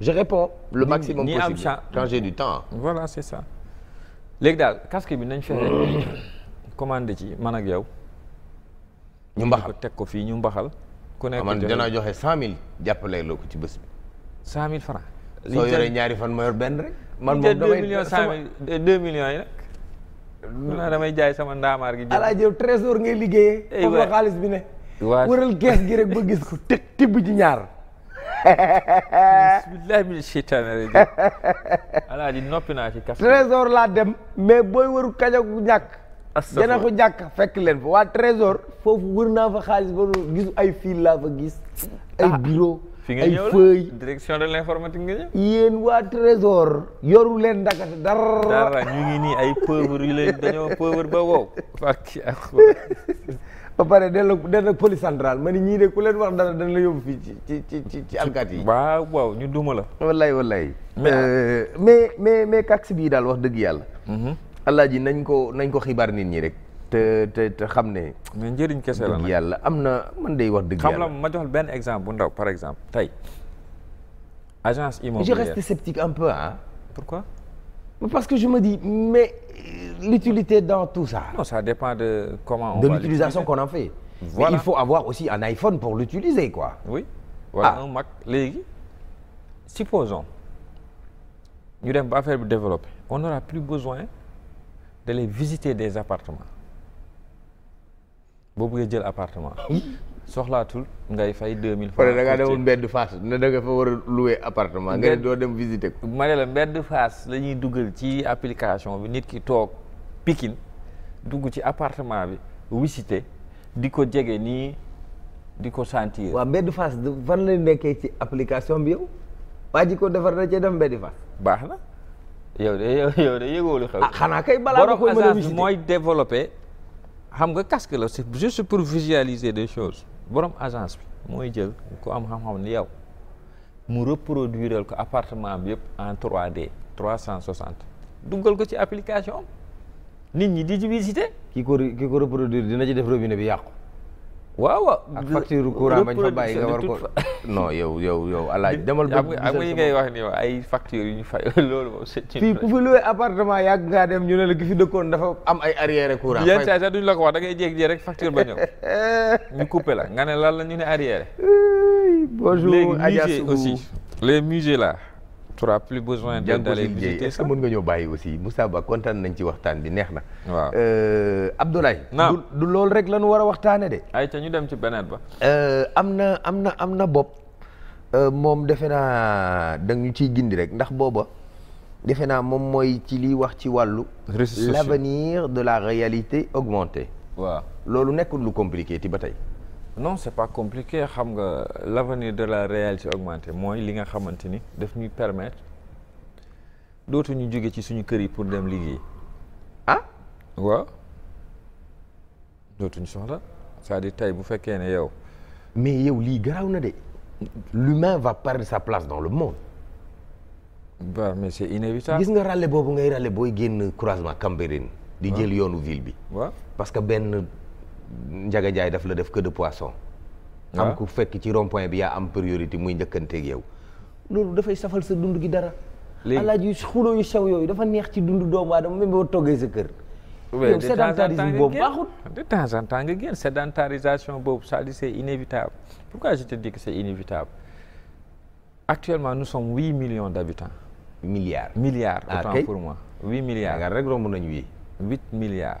je réponds le maximum possible quand du temps. voilà c'est ça. léegi daal casque bi nañ fexe commandé ci man ak yow. ñu mbaxal teg ko fii ñu mbaxal. ku nekk ah, man danaa joxe cent mille jàppale loo ko ci bés bi. cent mille soo yoree ñaari fan ma yor benn rek. man moom damay deux millions jaay sama ndaamaar gi. ala jëw trésor ngay liggéeyee. foofu la xaalis bi ne. waaw wëral kees gi rek ba gis ko teg tibb ci ñaar. bismillahi min cheytaani rajim noppi naa fi kaf trésor laa dem mais booy waru kajagu ñàkk jana ku jàkk fekk leen fa waa trésor foofu wër naa fa xaalis ba gisu ay fiil laa fa gis ay ah. bureau fi nga ñëw la ay feuilles direction de l'informatique nga ñëw. yéen waa leen ndakate dara. dara nii ay pauvre yu leen ba wow. ok ba pare delloo delloo police centrale ma ni ñii de ku leen wax dara dañ la yóbbu fii ci ci ci ci ci alkaat yi. waaw waaw ñu duma la. wallaay wallaay. mais mais mais kax bii daal wax dëgg yàlla. alaaji nañ ko nañ ko xibaar nit ñi rek. te te xam ne. mais njëriñ kese la nag yàlla am na man day wax dëgg yàlla. xam la ma jox benn exemple bu ndaw par exemple tey agence immobilière. je reste sceptique un peu ah. pourquoi. parce que je me dis mais l'utilité dans tout ça. non ça dépend de comment. on de va l'utilisation qu'on en fait. voilà mais il faut avoir aussi un iPhone pour l'utiliser quoi. oui voilà ah. un Mac léegi supposons ñu dem ba affaire bi développer on n'aura plus besoin les visiter des appartements. boo buggee jël appartement hmm? soxlaatul ngay fay deux mille francs da ngaa demoon mbedd Fass ne da nga fa war a louer appartement nga doo dem visiter ko ma ne la mbedd Fass la ñuy dugal ci application bi nit ki toog Pikine dugg ci appartement bi visiter di ko jege nii di ko sentir waaw mbedd Fass fan la nekkee ci application bi yow waa ji ko defar da cee dem mbedd Fass baax na yow de yow de yëgoolu xew ah xanaa kay balaa koy mën a mooy développé xam nga casque la c'est juste pour visualiser des choses borom agence bi mooy jël ko am xam-xam ni yow mu reproduiral ko appartement bi yëpp en 3D 360 duggal ko ci application nit ñi di ci visité. ki ko ki ko reproduire dina ci def robinet bi yàqu. waaw waaw ak facture courant bañ fa bàyyi nga war ko no yow yow yow alaaji demal ba ak yi ngay wax ni ay facture yu ñu fay loolu moom fii ku fi loué appartement yàgg ngaa dem ñu ne la gi fi dëkkoon dafa am ay arrière courant yenn saa sax duñ la ko wax da ngay jéeg-jéeg rek facture ba ñëw ñu coupé la nga ne lan la ñu ne arrière bonjour Adja Sougou les musées aussi les musées là tu n'auras plus besoin de d'aller visiter ça mën nga ñoo bàyyi aussi Moussa Ba nañ ci waxtaan bi neex na. waaw euh, Abdoulaye. naam du loolu rek la ñu war a waxtaanee de. ay ñu dem ci beneen ba. Euh, am na am na am na bopp euh, moom defe naa da ciy gindi rek ndax booba defe naa moom mooy ci liy wax ci wàllu. l'avenir de la réalité augmentée. waaw loolu nekkul lu compliqué ti ba tey. non c'est pas compliqué xam nga l'avenir de la réalité augmentée mooy li nga xamante ni daf ñuy permettre dootuñu jóge ci suñu kër yi pour dem liggéey ah waaw dootuñu soxla c'est-à-dire tey bu fekkee ne yow mais yow lii garaaw na de l'humain va perdre sa place dans le monde waaw mais c'est inévitable gis nga ràlle boobu ngay ràlle booy génn croisement Cambérène di jël yoonu ville bi waaw parce que benn Ndiaga Ndiaye daf la def queue de poisson. am ku fekk ci rond bi yaa am priorité muy njëkkanteeg yow. loolu dafay safal sa dund gi dara. léegi alaaj yu xuloo yu sew yooyu dafa neex ci dund doomu dama même boo toggee sa kër. yow sédentarisme boobu baaxul de en temps nga génn sédentarisation boobu ça dit c'est inévitable pourquoi je te dis que c'est inévitable actuellement nous sommes huit millions d'habitants. milliards milliards ah, autant pour moi. huit milliards rek romb nañu huit milliards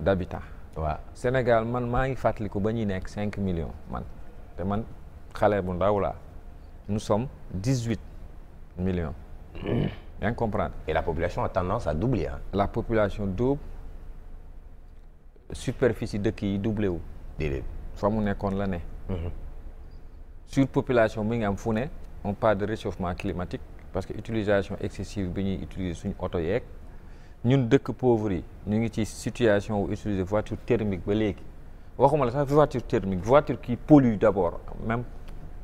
d'habitants. waaw Sénégal man maa ngi fàttaliku ba ñuy nekk cinq millions man te man xale bu ndaw laa nous sommes dix huit millions. Hmm. yaa ngi comprendre. et la population a tendance à doubler hein? la population double superficie dëkk yi doublé wu. déedéet fa mu nekkoon la ne. Hmm. surpopulation mi ngi am fu ne on parle de réchauffement climatique parce que utilisation excessive bi ñuy utiliser suñu oto yeeg. ñun dëkk pauvre yi ñu ngi ci situation utiliser voiture thermique ba léegi waxuma la sax voiture thermique voiture qui pollue d' abord même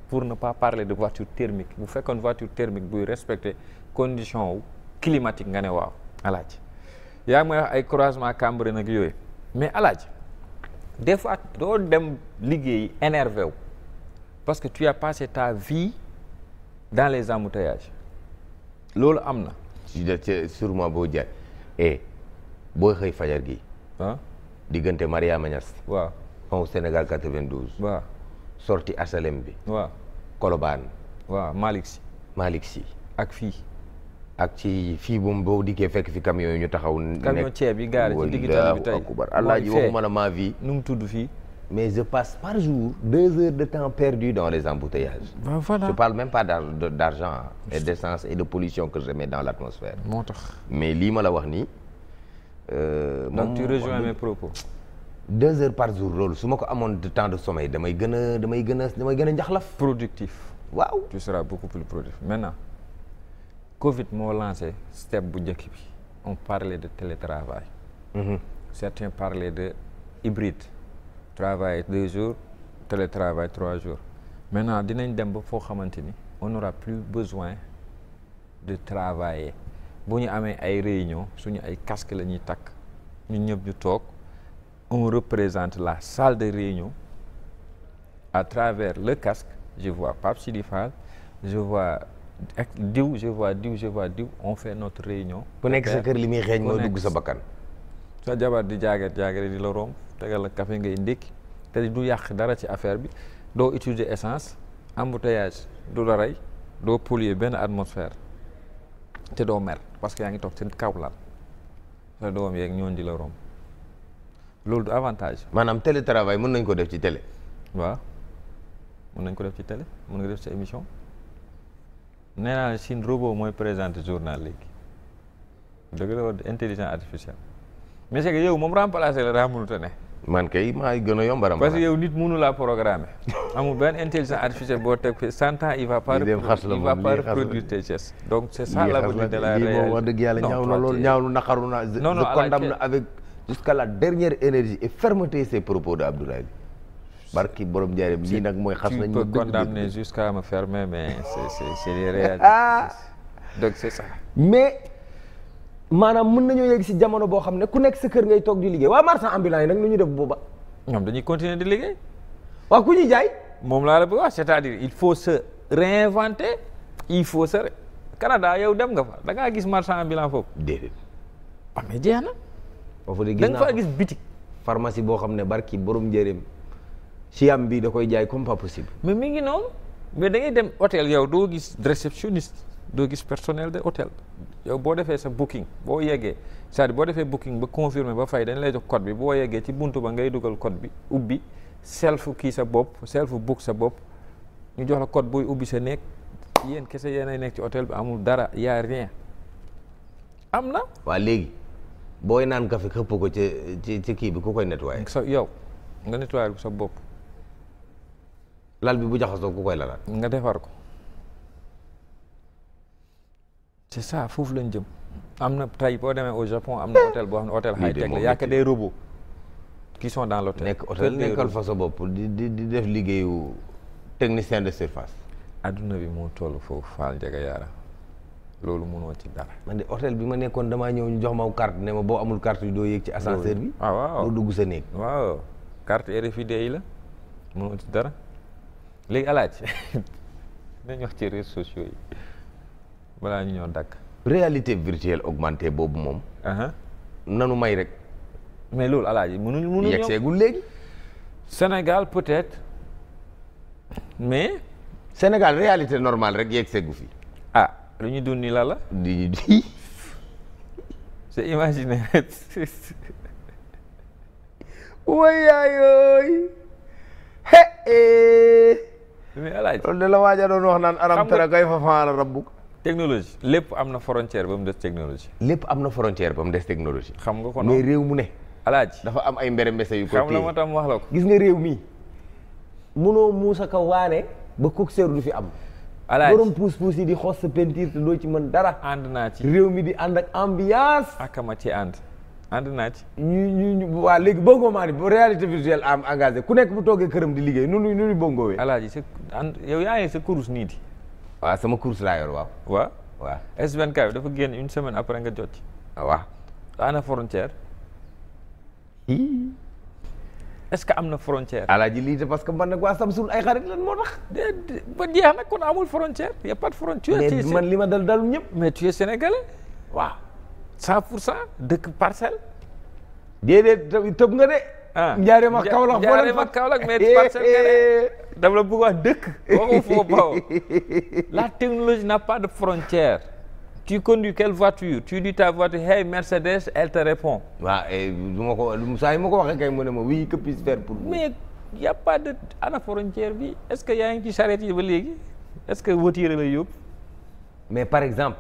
pour ne pas parler de voiture thermique bu fekkoon voiture thermique buy respecter condition wu climatique nga ne waaw alaaj yaa ngi ay croisement cambre nag yooyu mais alaaj des fois doo dem liggéey énervé wu parce que tu as passé ta vie dans les embouteillages loolu am na sûrement boo jaay e boo xëy fajar gi ah. diggante Mariama Niass waaw pont Sénégal 92 waaw sorti asalem bi waaw Colobane waaw Malick si ak fii ak ci fii bu boo dikkee fekk fi camion yi ñu taxaw. nekk camion ceeb yi gaare ci digg tali bi tey. alaaji waxuma la maa vi nu mu tudd fii. mais je passe par jour deux heures de temps perdu dans les embouteillages. Ben voilà je parle même pas d'argent et d'essence et de pollution que je dans l'atmosphère. moo tax mais lii ma la wax nii. Euh, donc tu rejoins mes propos. deux heures par jour loolu su ma ko amoon de temps de sommeil damay gën a damay gën a damay gën a njaxlaf. productif. waaw tu seras beaucoup plus productif maintenant Covid moo lancé step bu njëkk bi on parlait de télétravail. Mm -hmm. certains parlaient de hybride. travail deux jours télétravail trois jours maintenant dinañ dem ba foo xamante ni on n'aura plus besoin de travailler bu ñu amee ay réunion suñu ay casque la ñuy takk ñu ñëpp ñu toog on représente la salle de réunion à travers le casque je vois Pape Sidi Fall je vois diw je vois diw je vois diw on fait notre réunion. ku nekk sa kër li muy xeeñ moo dugg sa bakkan. sa jabar di jaaget jaaget di la romb tegal la café ngay ndékki te du yàq dara ci affaire bi doo utiliser essence embouteillage du la rey doo polluer benn atmosphère te doo mer parce que yaa ngi toog seen kaw lal sa doom yeeg ñoon di la romb loolu du avantage. maanaam télétravail mën nañ ko def ci télé. waaw mën nañ ko def ci télé mën nga def sa émission nee naa robot mooy présenter journal léegi dëgg la woon intelligence mais c'est que yow moom remplacer la daa mënut a ne. man kay maa gën a nit mënu laa programmer amul benn intelligence artificielle boo teg fii cent ans il va donc c'est ça la réalité lii moom wax dëgg yàlla ñaaw na lool ñaaw na naqaru na. non non je avec jusqu'à la dernière énergie et fermeté ces propos de barki borom njaareem lii nag mooy xas nañ. tu peux condamner jusqu'à me fermer mais c'est c'est c'est ah. mais. maanaam mën nañoo yegg si jamono boo xam ne ku nekk sa kër ngay toog di liggéey waa marchand ambulant yi nag nu ñu def booba. ñoom dañuy continuer di liggéey. waa ku ñuy jaay. moom laa la bëgg wax c'est-à-dire il faut se réinventer il faut se Canada yow dem nga fa da ngaa gis marchand ambulant foofu. déedéet. ah jeex na. foofu de gis naa da nga bitik. pharmacie boo xam ne barki borom si siam bii da koy jaay comme pas possible. mais mi ngi noonu mais da ngay dem hôtel yow doo gis réceptionniste. doo gis personnel de hôtel yow boo defee sa booking boo yeggee cest à boo defee booking ba confirmé ba fay dañ lay jox code bi boo yeggee ci bunt ba ngay dugal code bi ubbi self kii sa bopp self book sa bopp ñu jox la code booy ubbi sa néeg yéen kese yéen ay nekk ci hôtel bi amul dara y rien am na. waa léegi booy naan café xëpp ko ci ci kii bi ku koy nettoyé. sa yow nga nettoyé ko sa bopp. lal bi bu jaxasoo ku koy lalaat. nga defar ko. c'est ça foofu lañ jëm am na tey boo demee au Japon am na eh, hôtel boo xam ne hôtel high tech la y a que des robots qui sont dans l'hôtel nekk hôtel nekkal fa sa bopp di di di def liggéeyu technicien de surface adduna bi moo toll foofu faal njega yaara loolu mënoo ci dara man de hôtel bi ma nekkoon damaa ñëw ñu jox ma carte ne ma boo amul carte yi doo yéeg ci ascenseur bi ah waaw doo dugg sa néeg waaw carte RFID yi la mënoo ci dara léegi alaaj nañ wax ci réseaux sociaux yi balaa ñu ñoo dakk réalité virtuelle augmentée boobu moom. nanu may rek. mais loolu alaaji mënuñ mënuñ. yegg seegul léegi. Sénégal peut-être mais. Sénégal réalité normal rek yegg seegu fi. ah lu ñu dund nii la la. di ñu di. c'est imaginaire. wayaayooy. he. mais alaaji loolu de la waaja doon wax naan aram tara kayfa faala rabbuk technologie lépp am na frontière ba mu des technologie. lépp am na frontière ba mu des technologie. xam nga kon mais réew mu ne. alaaji dafa am ay mbere mbese yu ko. xam la moo tax wax la ko. gis nga réew mi munoo muusa ka waane ba seer du fi am. alaaji borom puus puus yi di xos sa peinture ci mën dara. ànd naa réew mi di ànd ak ambiance. akama ci ànd. ànd naa ci. ñu ñu ñu waa léegi bongo maa ni réalité ku nekk bu toogee këram di liggéey nu nu nu nu bongo wee. alaaji sa ànd yow sa kurus nii di. waaw sama course laa yor waaw. waaw waaw S24 bi dafa génn une semaine après nga jot ci. Ah, waaw. ana frontière. est-ce que am na frontière. alaaji lii de parce que man nag waa Samsung ay xarit lan moo tax. de ba jeex nag kon amul de frontière. mais man li ma dal dalu ñëpp. mais tu es sénégalais. dëkk parcelle. déedéet tëb nga de. ah Ndiarème ak Kaolack Ndiarème ak Kaolack mais parcelle eh. la bëgg wax dëkk. waxu la technologie n'a pas de frontière. tu conduis quelle voiture tu dis ta voiture hey Mercedes elle te répond. waaw et eh, du ma ko saa yi ma ko waxee kay mu ne ma oui que puis-je pour vous. mais na a pas de ana frontière bi est-ce que yaa ngi ci charrette yi ba léegi est-ce que voiture la yóbbu. mais par exemple.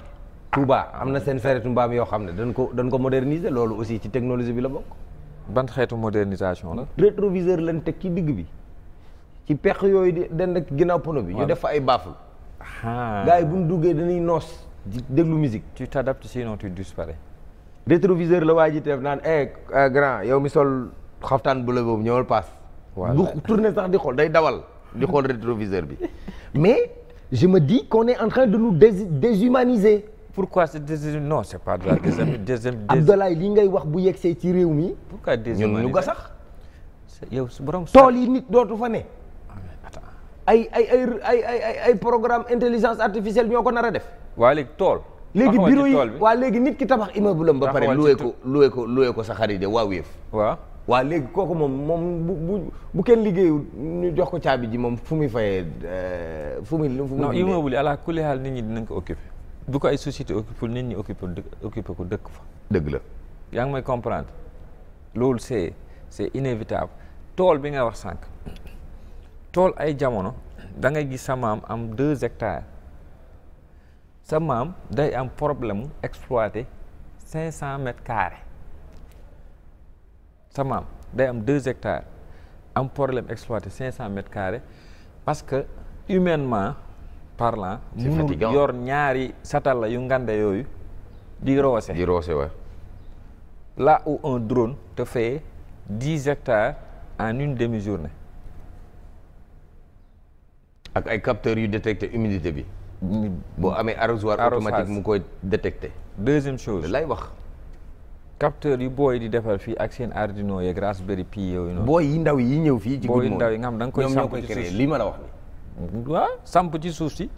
Touba am na seen charrette mbaam yoo xam ne dañ ko dan ko moderniser loolu aussi ci technologie bi la bokk. ban xeetu modernisation la. rétroviseur lañ teg ci digg bi ci peq yooyu di dend ak ginnaaw pono bi. ñu def fa ay baaful. gars yi bu ñu duggee dañuy noos. di déglu musique. tu t'adaptes sinon tu disparais. rétroviseur la waa ji def naan eh euh, grand yow mi sol xaftaan bu la boobu ñëwal paas. bu tourné sax di xool day dawal. di xool rétroviseur bi mais je me dis qu'on est en train de nous déshumaniser. pourquoi c'est deuxième non c'est pas de la deuxième deuxième. Abdoulaye li ngay wax bu yegsee ci réew mi. pourquoi deuxième ñun Louga sax. yow su borom tool yi nit dootu fa ne. Ah, ay ay ay ay ay ay programme intelligence artificielle ñoo ko nar a def. waa léegi tool. léegi bureau yi waa léegi nit ki tabax immeuble am ba pare loué ko loué ko loué ko sa xarit de waa waa léegi kooku moom moom bu bu bu kenn liggéeyu ñu jox ko caabi ji moom fu muy fayee euh, fu muy. fu muy non immeuble ala kulli haal nit ñi dinañ ko occupé. bu ko ay société occupé nit ñi occupé occupé ko dëkk fa. dëgg la. yaa ngi may comprendre loolu c'est c'est inévitable tool bi ngay wax sànq tool ay jamono da ngay gis sa maam am deux hectares sa maam day am problème mu exploiter cinq cent mètres carrés day am deux hectares am problème exploiter cinq cent mètres parce que humainement. parlant munul yor ñaari satala yu ngande yooyu di roose di roose wa là où un drone te fait dix hectares en une demi-journée ak ay capteurs yu détecté humidité bi boo amee arrosoir automatique mu koy detecté deuxième chose lay wax capteur yu booy di defar fii ak seen Arduino yeeg Raspberry Pi yooyu noonu booy yi ndaw yi ñëw fii ci booy yi ndaw yi nga xam da koy sàmp ci lii ma la wax ni waaw samp ci suuf si.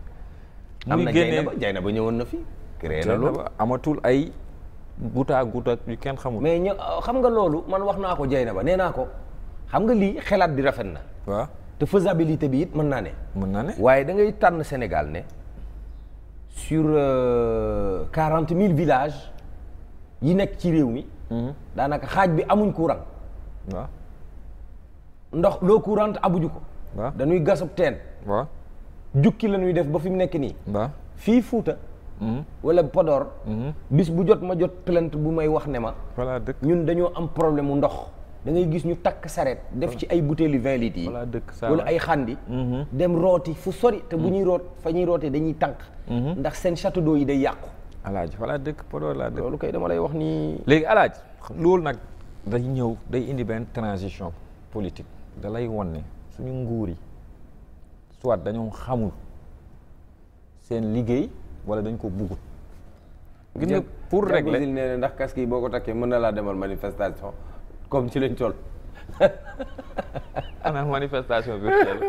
am na jay na ba ñëwoon na fi. créé na loolu amatul ay guta guta yu kenn xamul. mais xam nga loolu man wax naa ko jay ba nee naa ko xam nga lii xelaat bi rafet na. waaw te faisabilité bi it mën naa ne. mën naa ne waaye da ngay tànn Sénégal ne sur euh, quarante mille villages yi nekk ci réew mi. Mhm. daanaka xaaj bi amuñ courant. waaw ndox loo courant abuju ko. waaw dañuy gasub teen. waa jukki la ñuy def ba fi mu nekk nii. waaw fii Fuuta. Mm-hmm. wala Podor. Mm-hmm. bis bu jot ma jot plainte bu may wax ne ma. voilà dëkk ñun dañoo am problème mu ndox. da ngay gis ñu takk sareet def ci ay butéeli vingt litres yi wala ay xandi mm-hmm. dem rooti fu sori te bu ñuy root fa ñuy rootee dañuy tànk ndax seen château d'eau yi day yàqu alaaj voilà dëkk Podor laa dëkk loolu kay dama lay wax nii léegi alaaj loolu nag day ñëw day indi benn transition politique da lay won ne suñu nguur yi soit dañoo xamul seen liggéey wala dañ ko buggut pour régler nee ndax casque boo ko takkee mën na laa demal manifestation comme ci leen toll ana manifestation virtuelle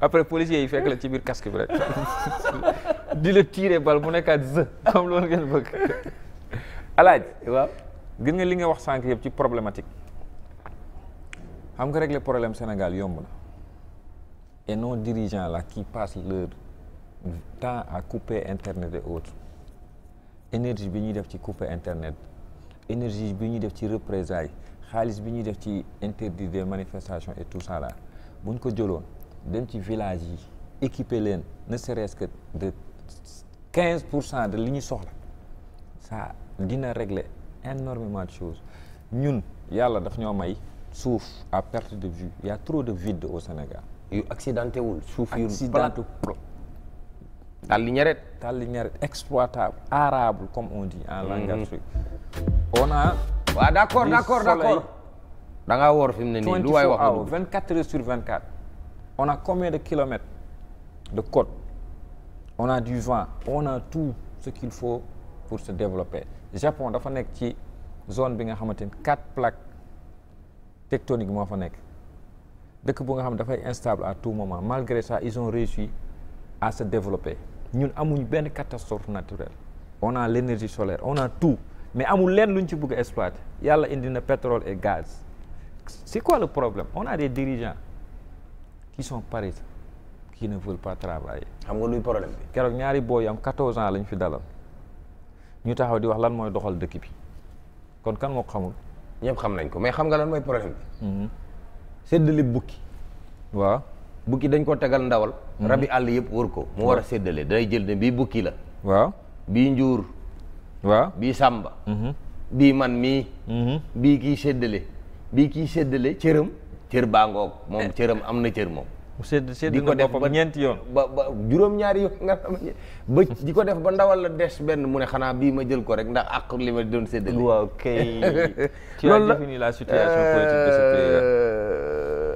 après policiers yi fekk la ci biir kaski bi rek di la tirer bal bu nekkaat z comme loolu ngeen bëgg alaaj gis nga li nga wax sànq yëpp ci problématique xam nga régler problème Sénégal yomb na et nos dirigeants la qui passent leur temps à couper internet et autres énergie bi ñuy def ci couper internet énergie bi ñuy def ci représailles xaalis bi ñuy def ci interdit des manifestations et tout ça là buñ ko jëloon dem ci village yi équipe leen ne serait que de quinze pour cent de li ñu soxla ça dina régler énormément de choses ñun yàlla daf ñoo may suuf à perte de vue il y a trop de vide au Sénégal yu accidenté wul. suuf yu plateau tàlli ñeret exploitable arable comme on dit en langage suy mhm. on a waaw d'accord d'accord d'accord da ngaa woor fi mu ne nii lu waay wax hours vingt quatre heures on a combien de kilomètres de côte on a du vent on a tout ce qu'il faut pour se développer Japon dafa nekk ci zone bi nga xamante ni quatre plaques tectoniques moo fa nekk dëkk bu nga xam ne dafay instable à tout moment malgré ça ils ont réussi à se développer ñun amuñ benn catastrophe naturelle on a l'énergie solaire on a tout mais amul leen lu ñu ci bëgg a yàlla indi na pétrole et gaz c'est quoi le problème on a des dirigeants qui sont paresseux qui ne veulent pas travailler. xam nga luy problème bi. keroog ñaari booy am 14 ans lañ fi dalal ñu taxaw di wax lan mooy doxal dëkk bi kon kan moo xamul. ñëpp xam nañ ko mais xam nga lan mooy problème séddale bukki waaw bukki dañ ko tegal ndawal mhm. rabi àll yëpp wër ko mu war a séddale day jël ne bii bukki la waaw bii njuur waaw bii sàmba mhm. bii man mii mhm. bii kii séddale bii kii séddale cëram cër baa ngoog moom eh. cëram am na cër moom di ko def ba ñeenti yoon juróom-ñaari di ko def ba ndawal la des benn mu ne xanaa bii ma jël ko rek ndax ak li ma doon séddale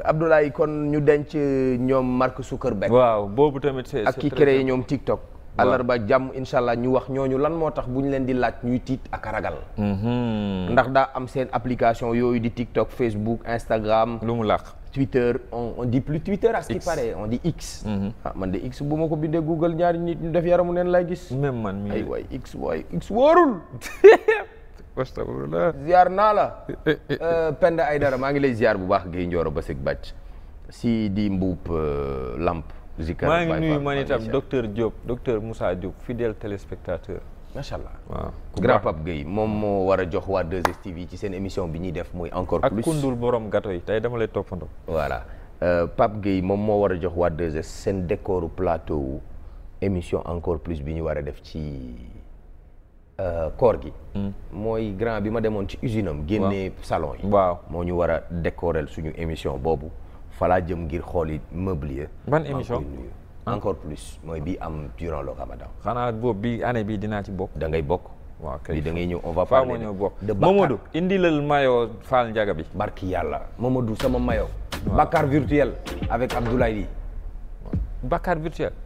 Abdoulaye kon ñu denc ñoom Mark Zuckerberg. waaw boobu tamit c'est ak ki créé ñoom TikTok. waaw àllarba jàmm incha allah ñu wax ñooñu lan moo tax bu ñu leen di laaj ñuy tiit ak ragal. Mm-hmm. ndax daa am seen application yooyu di TikTok Facebook Instagram. lu mu làq Twitter on on dit plus Twitter à ce qui on dit X. Mm-hmm. Ah, man de X bu ma ko bindee Google ñaari nit ñu def yaramu neen laay gis. même man mii ay waay X waay ziar naa la. Eh, eh, eh, euh, ay dara maa ngi lay ziar bu baax Guèye ba Basik Bàcc si di mbuub euh, lamp Zikar maa ngi nuyu man itam docteur Diop docteur Moussa Diop fidèle téléspectateur. macha allah waaw grand pape Guèye moom moo war a jox waa 2STV ci seen émission bi ñuy def mooy encore plus. ak kundul borom gato yi tey dama lay toppandoo. voilà euh, pape Guèye moom moo war a jox waa 2S seen décor plateau émission encore plus bi ñu war a def ci. Euh, koor gi. Hmm. mooy grand bi ma demoon ci usine am. génnee salon yi. waaw moo ñu war a décorer suñu émission boobu falaa jëm ngir xooli meublier. ban émission ah. encore plus mooy bi am durant le Ramadan. xanaa boobu bi année bi dinaa ci bokk. dangay bokk. waaw kay da ngay ñëw on va parler de Bakar Mamadou indilal mayo Fall Ndiaga bi. barki yàlla Mamadou sama mayo. waaw virtuel avec Abdoulaye. Bakar virtuel